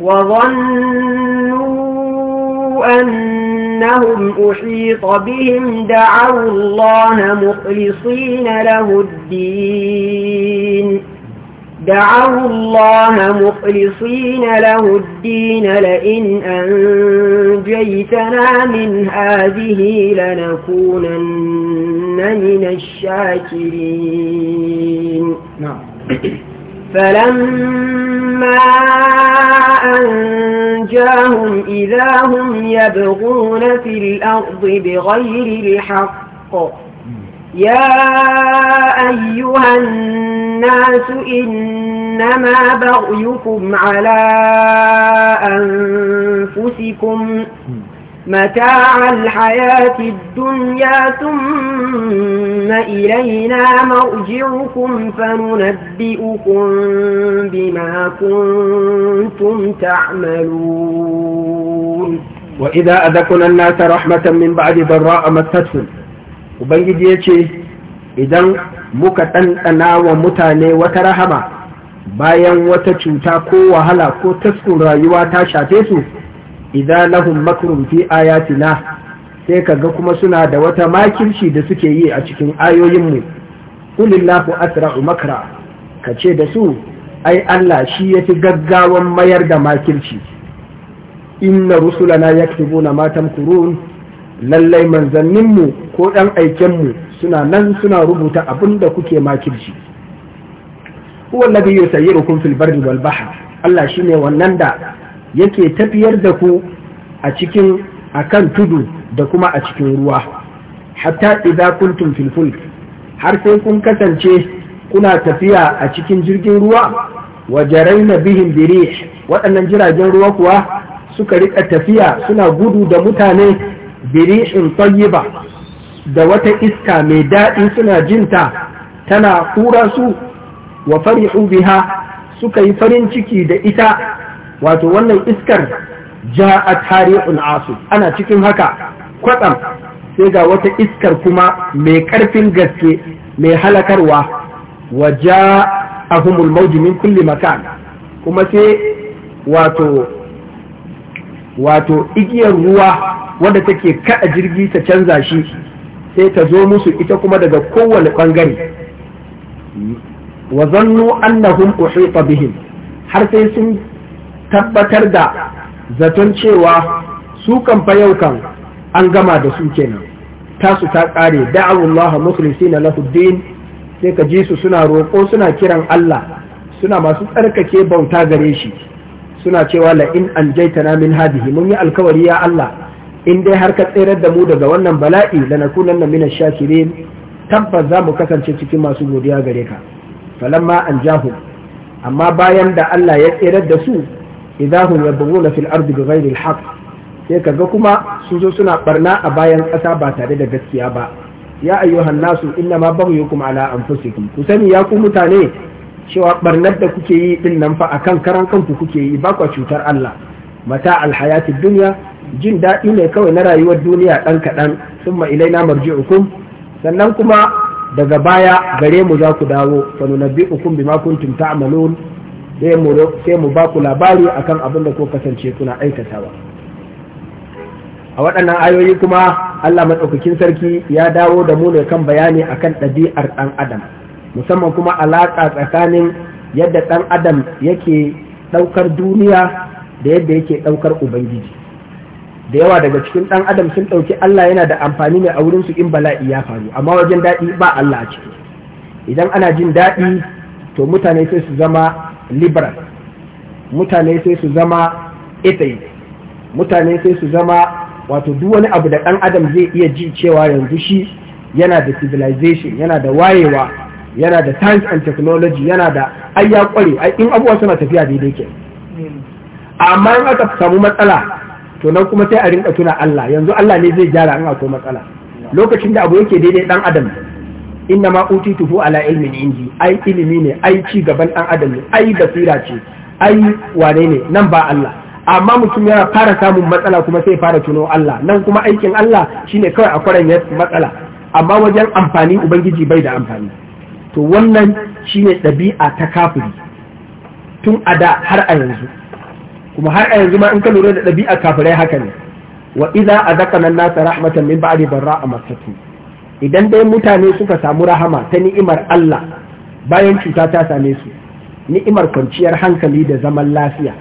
وظنوا أنهم أحيط بهم دعوا الله مخلصين له الدين دعوا الله مخلصين له الدين لئن أنجيتنا من هذه لنكونن من الشاكرين نعم فلما أنجاهم إذا هم يبغون في الأرض بغير الحق يا أيها الناس إنما بغيكم على أنفسكم متاع الحياة الدنيا ثم إلينا مرجعكم فننبئكم بما كنتم تعملون وإذا أذقنا الناس رحمة من بعد ضراء مستهم ubangiji ya ce idan muka ɗanɗana wa mutane wata rahama bayan wata cuta ko wahala ko taskun rayuwa ta shafe su idan lahun makarun fi ayatina sai ka ga kuma suna da wata makirci da suke yi a cikin ayoyinmu kulillahu asra'u ka ce da su ai Allah shi ya fi gaggawan mayar da makirci inna rusulana yaktubuna matan kurun. lallai manzanninmu ko ɗan aikenmu suna nan suna rubuta abin da kuke makirci huwa alladhi yusayyirukum fil rukun wal walbaha, Allah shi ne wannan da yake tafiyar da ku a cikin akan tudu da kuma a cikin ruwa hatta idan kuntum filful, har sai kun kasance kuna tafiya a cikin jirgin ruwa wa na bihin biri, waɗannan jiragen ruwa kuwa suka riƙa tafiya suna gudu da mutane biriin tayyiba da wata iska mai daɗi suna jinta tana kura su wa farihu biha suka yi farin ciki da ita wato wannan iskar ja'a tari'un asu ana cikin haka kwatsam sai ga wata iskar kuma mai ƙarfin gaske mai halakarwa wa ja'ahumul mawji min kulli makan kuma sai wato wato igiyar ruwa wanda take kada jirgi ta canza shi sai ta zo musu ita kuma daga kowane ɓangare. wa zannu annahum uhita bihim har sai sun tabbatar da zaton cewa su kan yau kan an gama da su kenan tasu ta kare da'awullah mukhlisina lahu din sai ka ji su suna roƙo suna kiran Allah suna masu tsarkake bauta gare shi suna cewa la in anjaytana min hadihi mun yi alkawari ya Allah in dai har ka tsirar da mu daga wannan bala'i da na kunan na minan shakirin tabbas za mu kasance cikin masu godiya gare ka falamma an jahu amma bayan da Allah ya tsirar da su idahum yabghuna fil ardi bighairi alhaq sai kaga kuma su zo suna barna a bayan ƙasa ba tare da gaskiya ba ya ayyuhan nasu inna ma baghyukum ala anfusikum ku sani ya ku mutane cewa barnar da kuke yi din nan fa akan karan kanku kuke yi ba kwa cutar Allah mata alhayati dunya jin daɗi ne kawai na rayuwar duniya ɗan kaɗan sun ma'ilai na hukum sannan kuma daga baya gare mu za ku dawo sanu na hukum bi makuntum ta'malun sai mu ba ku labari akan abin da ko kasance kuna aikatawa a waɗannan ayoyi kuma Allah maɗaukakin sarki ya dawo da mu ne kan bayani akan ɗabi'ar ɗan adam musamman kuma alaƙa tsakanin yadda ɗan adam yake ɗaukar duniya da yadda yake ɗaukar ubangiji da yawa daga cikin ɗan adam sun ɗauki Allah yana da amfani ne a wurin su in bala'i ya faru amma wajen daɗi ba Allah a ciki idan ana jin daɗi to mutane sai su zama liberal mutane sai su zama atheist mutane sai su zama wato duk wani abu da ɗan adam zai iya ji cewa yanzu shi yana da civilization yana da wayewa yana da science and technology yana da ai ya kware in abubuwa suna tafiya daidai ke amma in aka samu matsala to nan kuma sai a rinka tuna Allah yanzu Allah ne zai gyara an akwai matsala lokacin da abu yake daidai dan adam inna ma fu ala ilmin inji ai ilimi ne ai ci gaban dan adam ne ai basira ce ai wane ne nan ba Allah amma mutum yana fara samun matsala kuma sai fara tuno Allah nan kuma aikin Allah shine kawai a kwaran matsala amma wajen amfani ubangiji bai da amfani to wannan shine dabi'a ta kafiri tun a da har a yanzu kuma har a yanzu ma in ka lura da ɗabi'a kafirai haka ne wa a azaqana nan nasa rahmatan min ba'di a masatu idan dai mutane suka samu rahama ta ni'imar Allah bayan cuta ta same su ni'imar kwanciyar hankali da zaman lafiya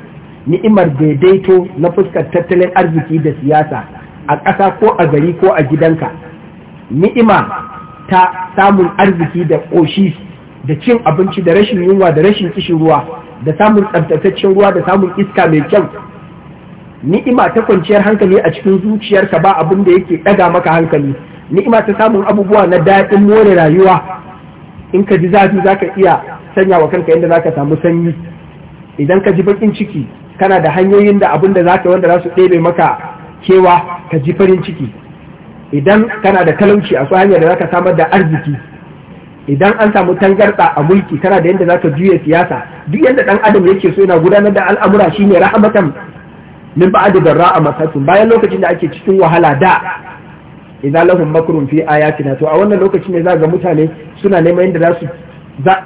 ni'imar daidaito na fuskar tattalin arziki da siyasa a ƙasa ko a gari ko a gidanka ni'ima ta samun arziki da ƙoshi da cin abinci da rashin yunwa da rashin kishin ruwa da samun tsabtataccen ruwa da samun iska mai kyau ni'ima ta kwanciyar hankali a cikin zuciyarka ba abin da yake ɗaga maka hankali ni'ima ta samun abubuwa na daɗin more rayuwa in ka ji zafi zaka iya sanya wa kanka yadda zaka samu sanyi idan ka ji bakin ciki kana da hanyoyin da abin da zaka wanda za su ɗebe maka kewa ka ji farin ciki idan kana da talauci a hanyar da zaka samar da arziki idan an samu tangarɗa a mulki tana da yadda za ta juya siyasa duk yadda ɗan adam yake so yana gudanar da al'amura shine rahmatan min ba'd darra masatun bayan lokacin da ake cikin wahala da idan lahum makrun fi ayatina to a wannan lokacin ne za ga mutane suna neman yadda za su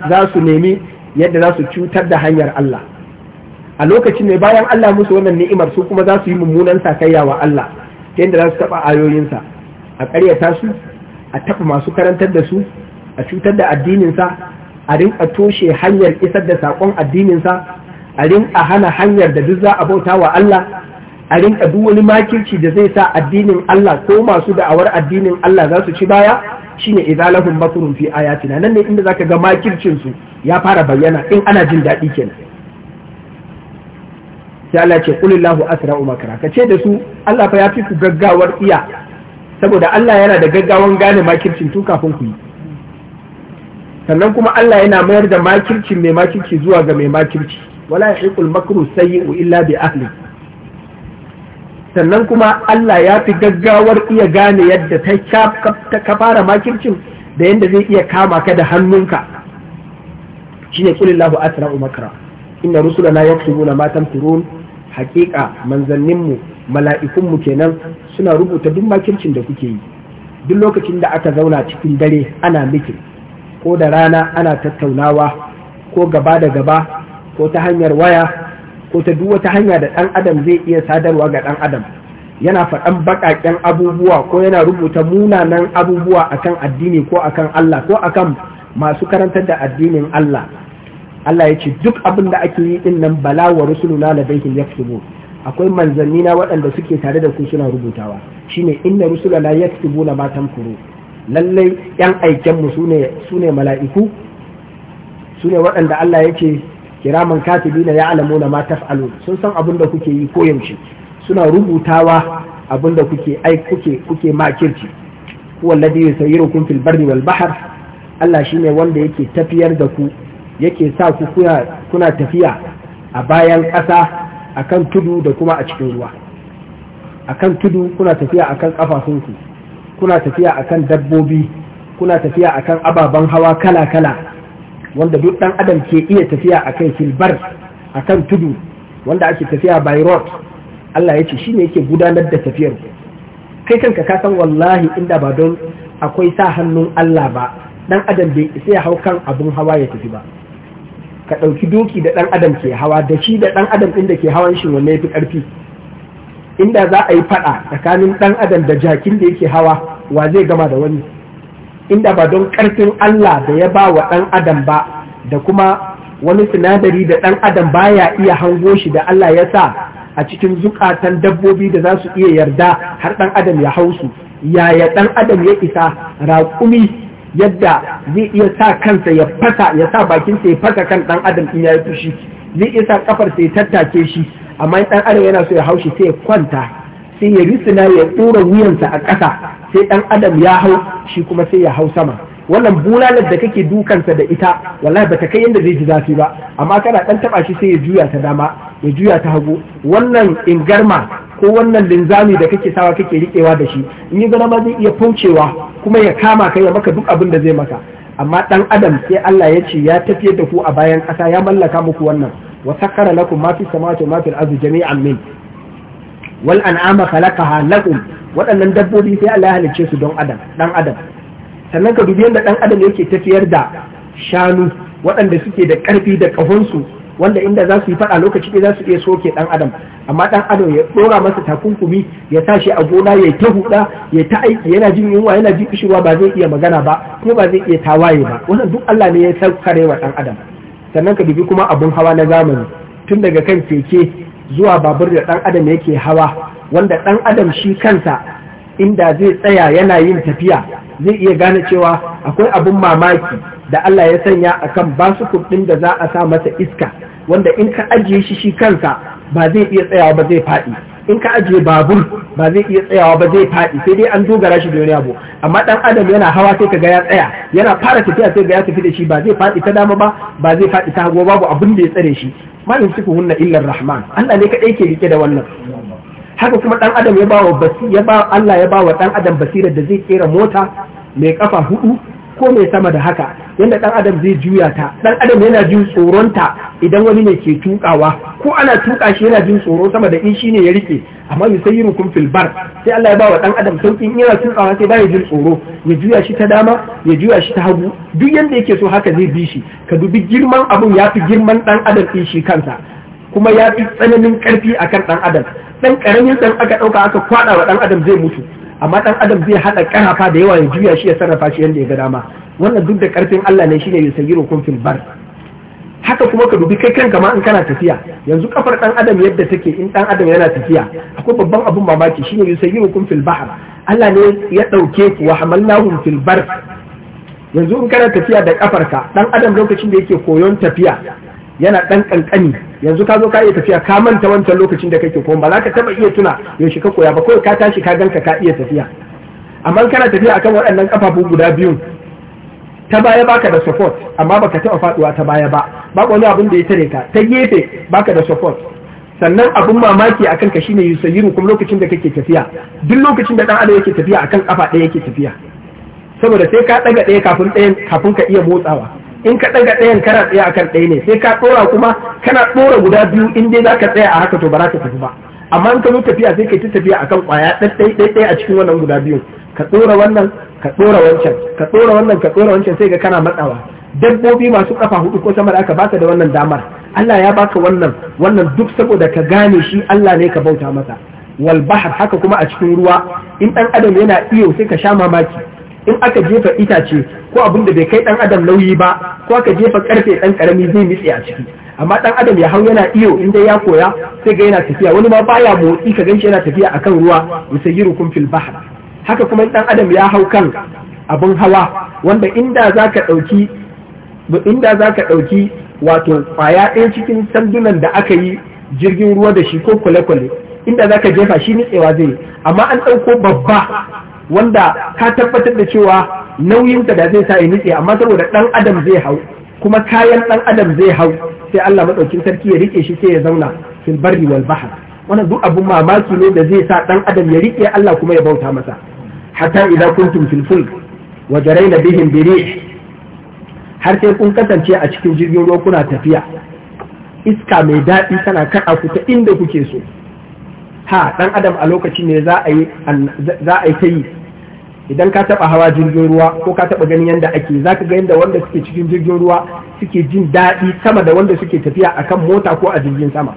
za su nemi yadda za su cutar da hanyar Allah a lokacin ne bayan Allah musu wannan ni'imar su kuma za su yi mummunan sakayya wa Allah ta yadda za su taɓa ayoyinsa a ƙaryata su a taɓa masu karantar da su a cutar da addininsa a a toshe hanyar isar da saƙon addininsa a a hana hanyar da duk za a bauta wa Allah a a duk wani makirci da zai sa addinin Allah ko masu da'awar addinin Allah za su ci baya shine idza lahum makrun fi ayatina nan ne inda zaka ga makircin su ya fara bayyana in ana jin daɗi kenan sai Allah ce kulillahu asra'u makra ka ce da su Allah fa ya fi ku gaggawar iya saboda Allah yana da gaggawan gane makircin tun kafin ku yi sannan kuma Allah yana mayar da makirci mai makirci zuwa ga mai makirci wala ya makaru sai yi illa bi ahli sannan kuma Allah ya fi gaggawar iya gane yadda ta kafara makircin da yadda zai iya kama ka da hannunka Shi ne shine kulillahu inda rusula inna rusulana suna matan tamkurun hakika manzanninmu mala'ikunmu kenan suna rubuta duk makircin da kuke yi duk lokacin da aka zauna cikin dare ana mikir ko da rana ana tattaunawa ko gaba da gaba ko ta hanyar waya ko ta duk wata hanya da ɗan adam zai iya sadarwa ga ɗan adam yana faɗan baƙaƙen abubuwa ko yana rubuta munanan abubuwa akan addini ko akan Allah ko akan masu karantar da addinin Allah Allah ya ce duk abin da ake yi din nan bala wa rusuluna ladayhim yaktubu akwai manzanni na waɗanda suke tare da ku suna rubutawa shine inna rusulana na ma tamkuru lallai yan aikenmu su ne mala'iku su ne waɗanda Allah ya ce kiraman katibi na yalamu na ma taf'alu sun san abin da kuke yi ko yaushe suna rubutawa abin da kuke ai kuke kuke makirci huwa alladhi yusayyirukum fil barri wal bahr Allah shine wanda yake tafiyar da ku yake sa ku kuna tafiya a bayan ƙasa akan tudu da kuma a cikin ruwa akan tudu kuna tafiya akan kafafunku kuna tafiya akan dabbobi kuna tafiya akan ababen hawa kala-kala wanda duk ɗan adam ke iya tafiya a akan filbar akan tudu wanda ake tafiya by road Allah ya ce shi ne yake gudanar da tafiyar kai kanka ka san wallahi inda ba don akwai sa hannun Allah ba ɗan adam bai isa ya hau kan abin hawa ya tafi ba ka ɗauki doki da ɗan adam ke hawa da shi da ɗan adam inda da ke hawan shi wanne ya fi ƙarfi inda za a yi fada tsakanin dan adam da jakin da yake hawa wa zai gama da wani inda ba don karfin Allah da ya ba wa dan adam ba da kuma wani sinadari da dan adam baya iya hango shi da Allah ya sa a cikin zukatan dabbobi da za su iya yarda har dan adam ya hau su. yaya dan adam ya isa raƙumi yadda zai iya sa kansa ya fasa ya sa bakinsa ya fasa kan dan adam in ya yi fushi zai iya sa kafarsa ya tattake shi amma in dan adam yana so ya haushi sai ya kwanta sai ya risina ya ɗora wuyansa a ƙasa sai ɗan adam ya hau shi kuma sai ya hau sama wannan bulalar da kake dukansa da ita wallahi bata kai yadda zai ji zafi ba amma kana ɗan taba shi sai ya juya ta dama ya juya ta hagu wannan ingarma ko wannan linzami da kake sawa kake riƙewa da shi in yi gana ma zai iya faucewa kuma ya kama ka ya maka duk abin da zai maka amma ɗan adam sai Allah ya ce ya tafiyar da ku a bayan ƙasa ya mallaka muku wannan وسخر لكم ما في السماوات وما في min. جميعا منه والأنعام خلقها لكم waɗannan dabbobi sai Allah ya halicce su don adam dan adam sannan ka dubi yadda dan adam yake tafiyar da shanu waɗanda suke da ƙarfi da ƙahonsu wanda inda za su yi faɗa lokaci ɗaya za su iya soke ɗan adam amma ɗan adam ya ɗora masa takunkumi ya tashi a gona ya ta huɗa ya ta aiki yana jin yunwa yana jin kishiwa ba zai iya magana ba kuma ba zai iya tawaye ba wannan duk Allah ne ya saukare wa ɗan adam sannan ka dubi kuma abun hawa na zamani tun daga kan keke zuwa babur da ɗan adam yake hawa wanda ɗan adam shi kansa inda zai tsaya yana yin tafiya zai iya gane cewa akwai abun mamaki da Allah ya sanya akan basu kuɗin da za a sa masa iska wanda in ka ajiye shi shi kansa ba zai iya tsayawa ba zai faɗi in ka ajiye babur ba zai iya tsayawa ba zai faɗi sai dai an dogara shi da wani abu amma dan adam yana hawa sai kaga ya tsaya yana fara tafiya sai ga ya tafi da shi ba zai faɗi ta dama ba ba zai faɗi ta hagu babu abin da ya tsare shi malin suku hunna illar rahman Allah ne kadai ke rike da wannan haka kuma dan adam ya ba wa basi ya ba Allah ya bawa dan adam basirar da zai kera mota mai kafa hudu ko mai sama da haka yadda ɗan adam zai juya ta ɗan adam yana jin tsoronta idan wani ne ke tukawa ko ana tuka shi yana jin tsoro sama da in shine ya rike amma yusayyirukum fil bar sai Allah ya ba wa ɗan adam saukin yana tukawa sai ya jin tsoro ya juya shi ta dama ya juya shi ta hagu duk yanda yake so haka zai bi shi ka dubi girman abun yafi girman ɗan adam ɗin shi kansa kuma ya fi tsananin ƙarfi akan ɗan adam ɗan ƙaramin ɗan aka ɗauka aka kwaɗa wa ɗan adam zai mutu amma dan adam zai hada karafa da yawa ya juya shi ya sarrafa shi yadda ya ga dama wannan duk da karfin Allah ne shine yusayiru kun fil bar haka kuma ka dubi kai kanka ma in kana tafiya yanzu kafar dan adam yadda take in dan adam yana tafiya akwai babban abun mamaki shine yusayirukum fil bahr Allah ne ya dauke ku wa hamalnahum fil bar yanzu in kana tafiya da kafarka dan adam lokacin da yake koyon tafiya yana ɗan ƙanƙani yanzu ka zo ka iya tafiya ka manta wancan lokacin da kake kuma ba za ka taɓa iya tuna yaushe ka koya ba kawai ka tashi ka ganka ka iya tafiya amma kana tafiya akan waɗannan kafafu guda biyu, ta baya baka da support amma baka taɓa faɗuwa ta baya ba ba wani abin da ya tare ka ta gefe baka da support sannan abun mamaki akan ka shine yusayiru kuma lokacin da kake tafiya duk lokacin da ɗan adam yake tafiya akan kafa ɗaya yake tafiya saboda sai ka ɗaga ɗaya kafin ɗayan kafin ka iya motsawa in ka ɗaga ɗayan kana tsaye akan ɗaya ne sai ka ɗora kuma kana ɗora guda biyu in dai za ka tsaya a haka to ba za ka tafi ba amma in ka zo tafiya sai ka ta tafiya akan ƙwaya ɗaiɗaiɗai a cikin wannan guda biyu ka ɗora wannan ka ɗora wancan ka ɗora wannan ka ɗora wancan sai ga kana matsawa dabbobi masu ƙafa hudu ko sama da aka baka da wannan damar Allah ya baka wannan wannan duk saboda ka gane shi Allah ne ka bauta masa wal bahar haka kuma a cikin ruwa in ɗan adam yana iyo sai ka sha mamaki in aka jefa itace ko abin da bai kai ɗan adam nauyi ba ko aka jefa karfe ɗan karami zai mitse a ciki amma ɗan adam ya hau yana iyo in dai ya koya sai ga yana tafiya wani ma baya motsi ka ganshi yana tafiya akan ruwa yusayyirukum fil bahr haka kuma ɗan adam ya hau kan abin hawa wanda inda zaka dauki inda zaka dauki wato kwaya ɗaya cikin sandunan da aka yi jirgin ruwa da shi ko kwale-kwale inda za ka jefa shi nitsewa zai amma an ɗauko babba wanda ka tabbatar da cewa nauyin da zai sa ya nutse amma saboda ɗan adam zai hau kuma kayan ɗan adam zai hau sai Allah madaukin sarki ya rike shi sai ya zauna fil barri wal bahr wannan duk abun mamaki ne da zai sa ɗan adam ya rike Allah kuma ya bauta masa hatta idza kuntum fil fulk wa jarayna bihim bi har sai kun kasance a cikin jirgin ruwa kuna tafiya iska mai daɗi tana kaɗa ku ta inda kuke so ha ɗan adam a lokaci ne za a yi ta yi idan ka taba hawa jirgin ruwa ko ka taba ganin yadda ake zaka ga yadda wanda suke cikin jirgin ruwa suke jin daɗi sama da wanda suke tafiya akan mota ko a jirgin sama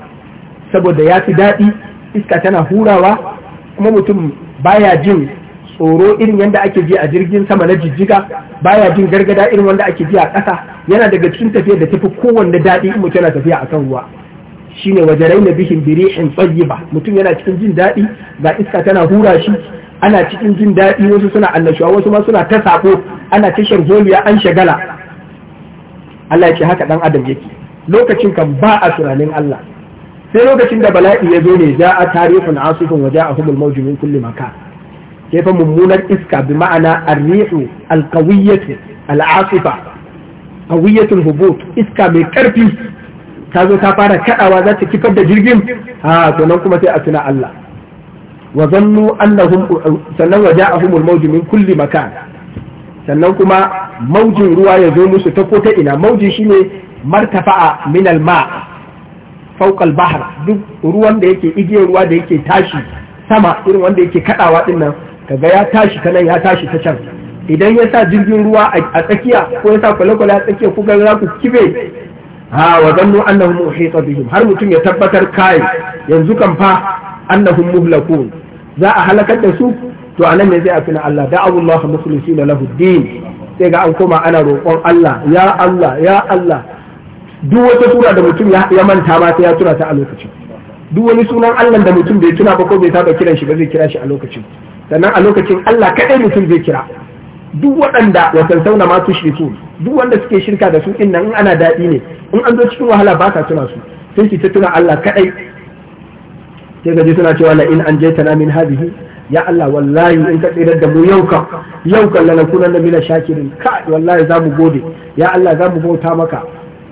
saboda ya fi daɗi iska tana hurawa kuma mutum baya jin tsoro irin yadda ake ji a jirgin sama na jijjiga baya jin gargada irin wanda ake ji a ƙasa yana daga cikin tafiyar da tafi kowanne daɗi in mutum yana tafiya a kan ruwa shine wajarai na bihin biri'in in ba mutum yana cikin jin daɗi ga iska tana hura shi ana cikin jin daɗi wasu suna annashuwa wasu ma suna ta sako ana ta sharholiya an shagala Allah ya ce haka dan adam yake lokacin kan ba a tunanin Allah sai lokacin da bala'i ya zo ne za a tarihun asifin waje a humul mawju min maka sai mummunar iska bi ma'ana ar-rihu al-qawiyyatu hubut iska mai karfi ta zo ta fara kadawa za ta kifar da jirgin a ah, to kuma sai a tuna Allah wa zannu annahum sannan wa ja'ahum al-mawj kulli sannan kuma maujin ruwa ya zo musu ta ko ta ina maujin shine martafa'a min al-ma fawqa bahr duk ruwan da yake igiyar ruwa da yake tashi sama irin wanda yake kadawa din nan kaga ya tashi ta nan ya tashi ta can idan ya sa jirgin ruwa a tsakiya ko ya sa kwale-kwale a tsakiya ga za ku kibe ha wa zannu annahum uhita bihim har mutum ya tabbatar kai yanzu kan fa annahum muhlakun za a halakar da su to anan ne zai afina Allah da Allah mukhlisin lahu din sai ga an koma ana roƙon Allah ya Allah ya Allah duk wata sura da mutum ya manta ma sai ya tura ta a lokacin duk wani sunan Allah da mutum bai tuna ba ko bai saba kiran shi ba zai kira shi a lokacin sannan a lokacin Allah kadai mutum zai kira duk waɗanda wa sansauna ma tushriku duk wanda suke shirka da su din nan in ana daɗi ne in an zo cikin wahala ba sa tuna su sai ki tuna Allah kadai sai ka suna cewa la in an je tana min hadhihi ya Allah wallahi in ka tsirar da mu yau kan yau kan lana kunan nabila shakirin ka wallahi za mu gode ya Allah za mu bauta maka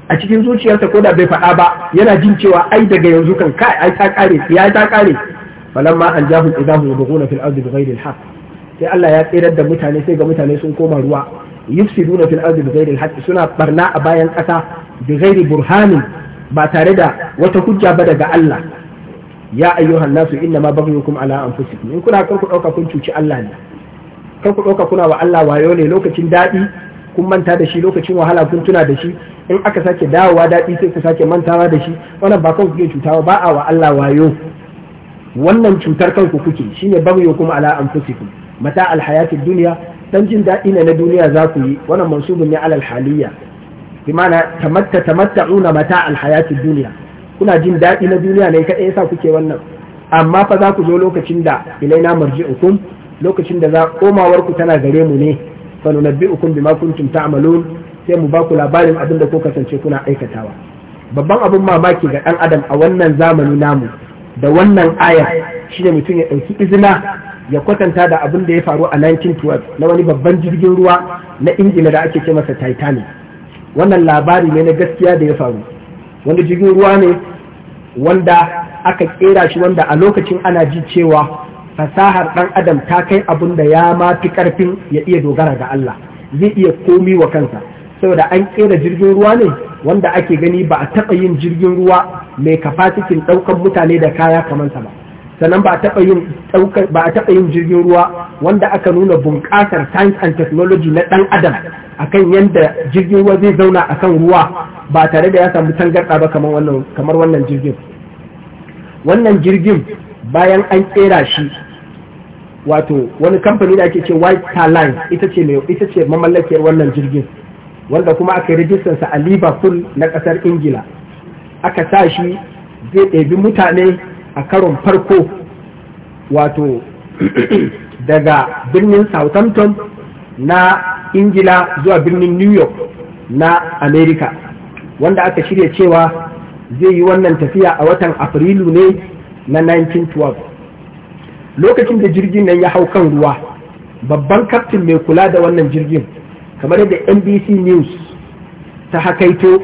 a cikin zuciyarsa ko da bai faɗa ba yana jin cewa ai daga yanzu kan kai ai ta kare ya ta kare falamma an jahu idahu yabghuna fil ardi bighairi alhaq sai Allah ya tsirar da mutane sai ga mutane sun koma ruwa yufsiduna fil ardi bighairi alhaq suna barna a bayan kasa bighairi burhanin ba tare da wata hujja ba daga Allah ya ayyuhan nasu inna ma baghiyukum ala anfusikum in kuna kar ku dauka kun cuci Allah ne kar ku dauka kuna wa Allah wayo ne lokacin dadi kun manta da shi lokacin wahala kun tuna da shi in aka sake dawowa dadi sai ku sake mantawa da shi wannan ba kanku kuke cutawa ba a wa Allah wayo wannan cutar kanku kuke shine baghiyukum ala anfusikum mata alhayatid dunya dan jin dadi ne na duniya za ku yi wannan mansubun ne alal haliyya bimana tamatta tamatta'una mata alhayatid dunya kuna jin daɗi na duniya ne kaɗai yasa kuke wannan amma fa za ku zo lokacin da ilaina ukum lokacin da za komawar ku tana gare mu ne fa nunabbi'ukum bima kuntum ta'malun sai mu ba ku labarin abin da ku kasance kuna aikatawa babban abin mamaki ga ɗan adam a wannan zamani namu da wannan aya shine mutum ya ɗauki izina ya kwatanta da abin da ya faru a 1912 na wani babban jirgin ruwa na ingila da ake ce masa titanic wannan labari ne na gaskiya da ya faru wanda jirgin ruwa ne wanda aka kera shi wanda a lokacin ana ji cewa fasahar ɗan adam ta kai abin da ya ma fi ƙarfin ya iya dogara ga Allah zai iya komi wa kansa saboda an kera jirgin ruwa ne wanda ake gani ba a taɓa yin jirgin ruwa mai kafasitin ɗaukar mutane da kaya kamansa ba sannan ba a taɓa yin ba taɓa yin jirgin ruwa wanda aka nuna bunƙasar science and technology na ɗan adam akan yadda jirgin ruwa zai zauna akan ruwa ba tare da ya samu tangarɗa ba kamar wannan jirgin wannan jirgin bayan an kera shi wato wani kamfani da ake ce White Star Line ita ce mai ita ce mamallakiyar wannan jirgin wanda kuma aka yi sa a Liverpool na ƙasar Ingila aka sa shi zai ɗebi mutane a karon farko wato daga birnin Southampton na Ingila zuwa birnin New York na America wanda aka shirya cewa zai yi wannan tafiya a watan afrilu ne na 1912 lokacin da jirgin nan ya hau kan ruwa babban kaftin mai kula da wannan jirgin kamar yadda nbc news ta hakaito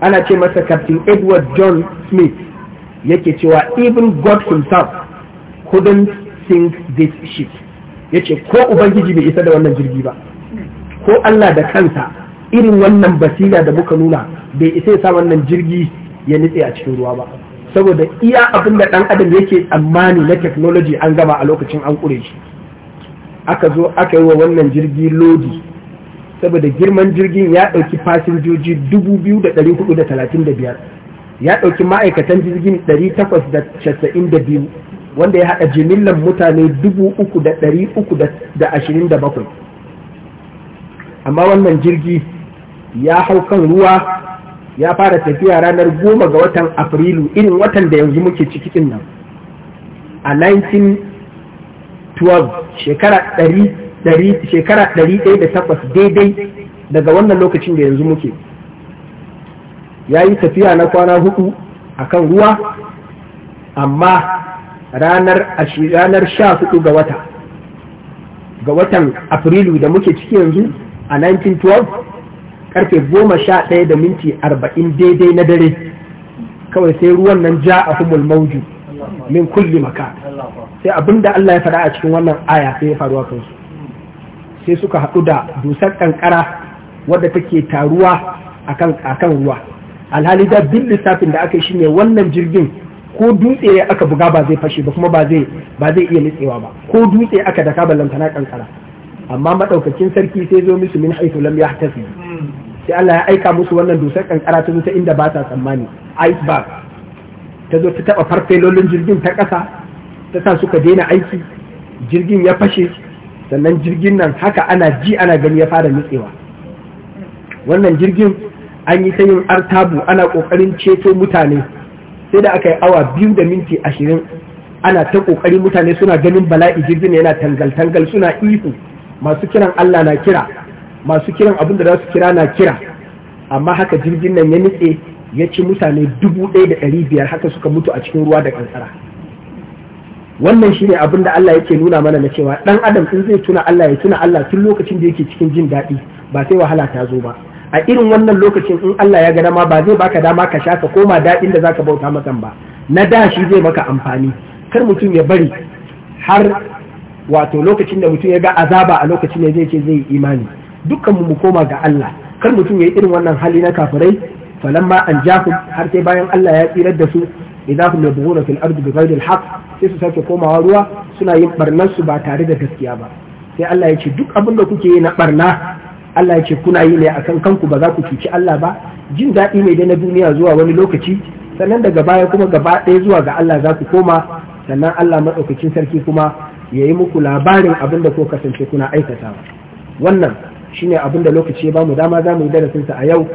ana ce masa kaftin edward john smith yake cewa even god himself couldn't sink this ship ya ce ko ubangiji bai isa da wannan jirgi ba ko allah da kansa irin wannan basira da muka nuna bai isa ya sa wannan jirgi ya nitse a cikin ruwa ba saboda iya abin da ɗan adam yake tsammani na technology an gama a lokacin an ƙure shi aka zo aka yi wa wannan jirgi lodi saboda girman jirgin ya ɗauki fasinjoji 2,435 ya ɗauki ma'aikatan jirgin 892 wanda ya haɗa jimillan mutane 3,327 amma wannan jirgi ya hau kan ruwa ya fara tafiya ranar goma ga watan afrilu irin watan da yanzu muke ciki nan a 1912 shekara 108 daidai daga wannan lokacin da yanzu muke ya yi tafiya na kwana hudu a kan ruwa amma ranar sha hudu ga wata ga watan afrilu da muke ciki yanzu a 1912 karfe goma sha ɗaya da minti arba'in daidai na dare kawai sai ruwan nan ja a humul mauju min kulli maka sai abinda Allah ya faɗa a cikin wannan aya sai ya faruwa kansu sai suka haɗu da dusar ƙanƙara wadda take taruwa akan ruwa alhali da duk lissafin da aka yi shine wannan jirgin ko dutse aka buga ba zai fashe ba kuma ba zai iya nitsewa ba ko dutse aka daka ballantana ƙanƙara, amma madaukakin sarki sai zo musu min haythu lam tafi. sai Allah ya aika musu wannan dusar kankara ta zo ta inda ba ta tsammani iceberg ta zo ta taba farfelolin jirgin ta ƙasa ta sa suka daina aiki jirgin ya fashe sannan jirgin nan haka ana ji ana gani ya fara nutsewa wannan jirgin an yi ta yin artabu ana ƙoƙarin ceto mutane sai da aka yi awa biyu da minti ashirin ana ta kokarin mutane suna ganin bala'i jirgin yana tangal-tangal suna ihu masu kiran Allah na kira masu kiran abin da za su kira na kira amma haka jirgin nan ya nitse ya ci mutane dubu ɗaya da ɗari biyar haka suka mutu a cikin ruwa da kankara wannan shine abin da Allah yake nuna mana na cewa ɗan adam in zai tuna Allah ya tuna Allah tun lokacin da yake cikin jin daɗi ba sai wahala ta zo ba a irin wannan lokacin in Allah ya gana ma ba zai baka dama ka sha ka koma daɗin da zaka bauta masa ba na da shi zai maka amfani kar mutum ya bari har wato lokacin da mutum ya ga azaba a lokacin da zai ce zai yi imani dukkan mu koma ga Allah kar mutum ya yi irin wannan hali na kafirai falamma anjahum har sai bayan Allah ya tsirar da su idza hum yabghuna fil ardi bighayri al haqq sai su sake komawa ruwa suna yin barnar su ba tare da gaskiya ba sai Allah ya ce duk abin da kuke yi na barna Allah ya ce kuna yi ne akan kanku ba za ku cuci Allah ba jin daɗi ne da na duniya zuwa wani lokaci sannan daga baya kuma gaba ɗaya zuwa ga Allah za ku koma sannan Allah maɗaukacin sarki kuma ya yi muku labarin abin da ko kasance kuna aikata wannan shine abin da lokaci ya bamu dama za mu yi darasin sa a yau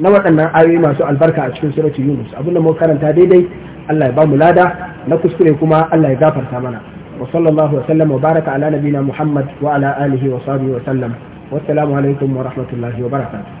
na waɗannan ayoyi masu albarka a cikin suratul yunus abin da mu karanta daidai Allah ya bamu lada na kuskure kuma Allah ya gafarta mana wa sallallahu wa sallam wa baraka ala nabina muhammad wa ala alihi wa sahbihi wa sallam wassalamu alaikum wa rahmatullahi wa barakatuh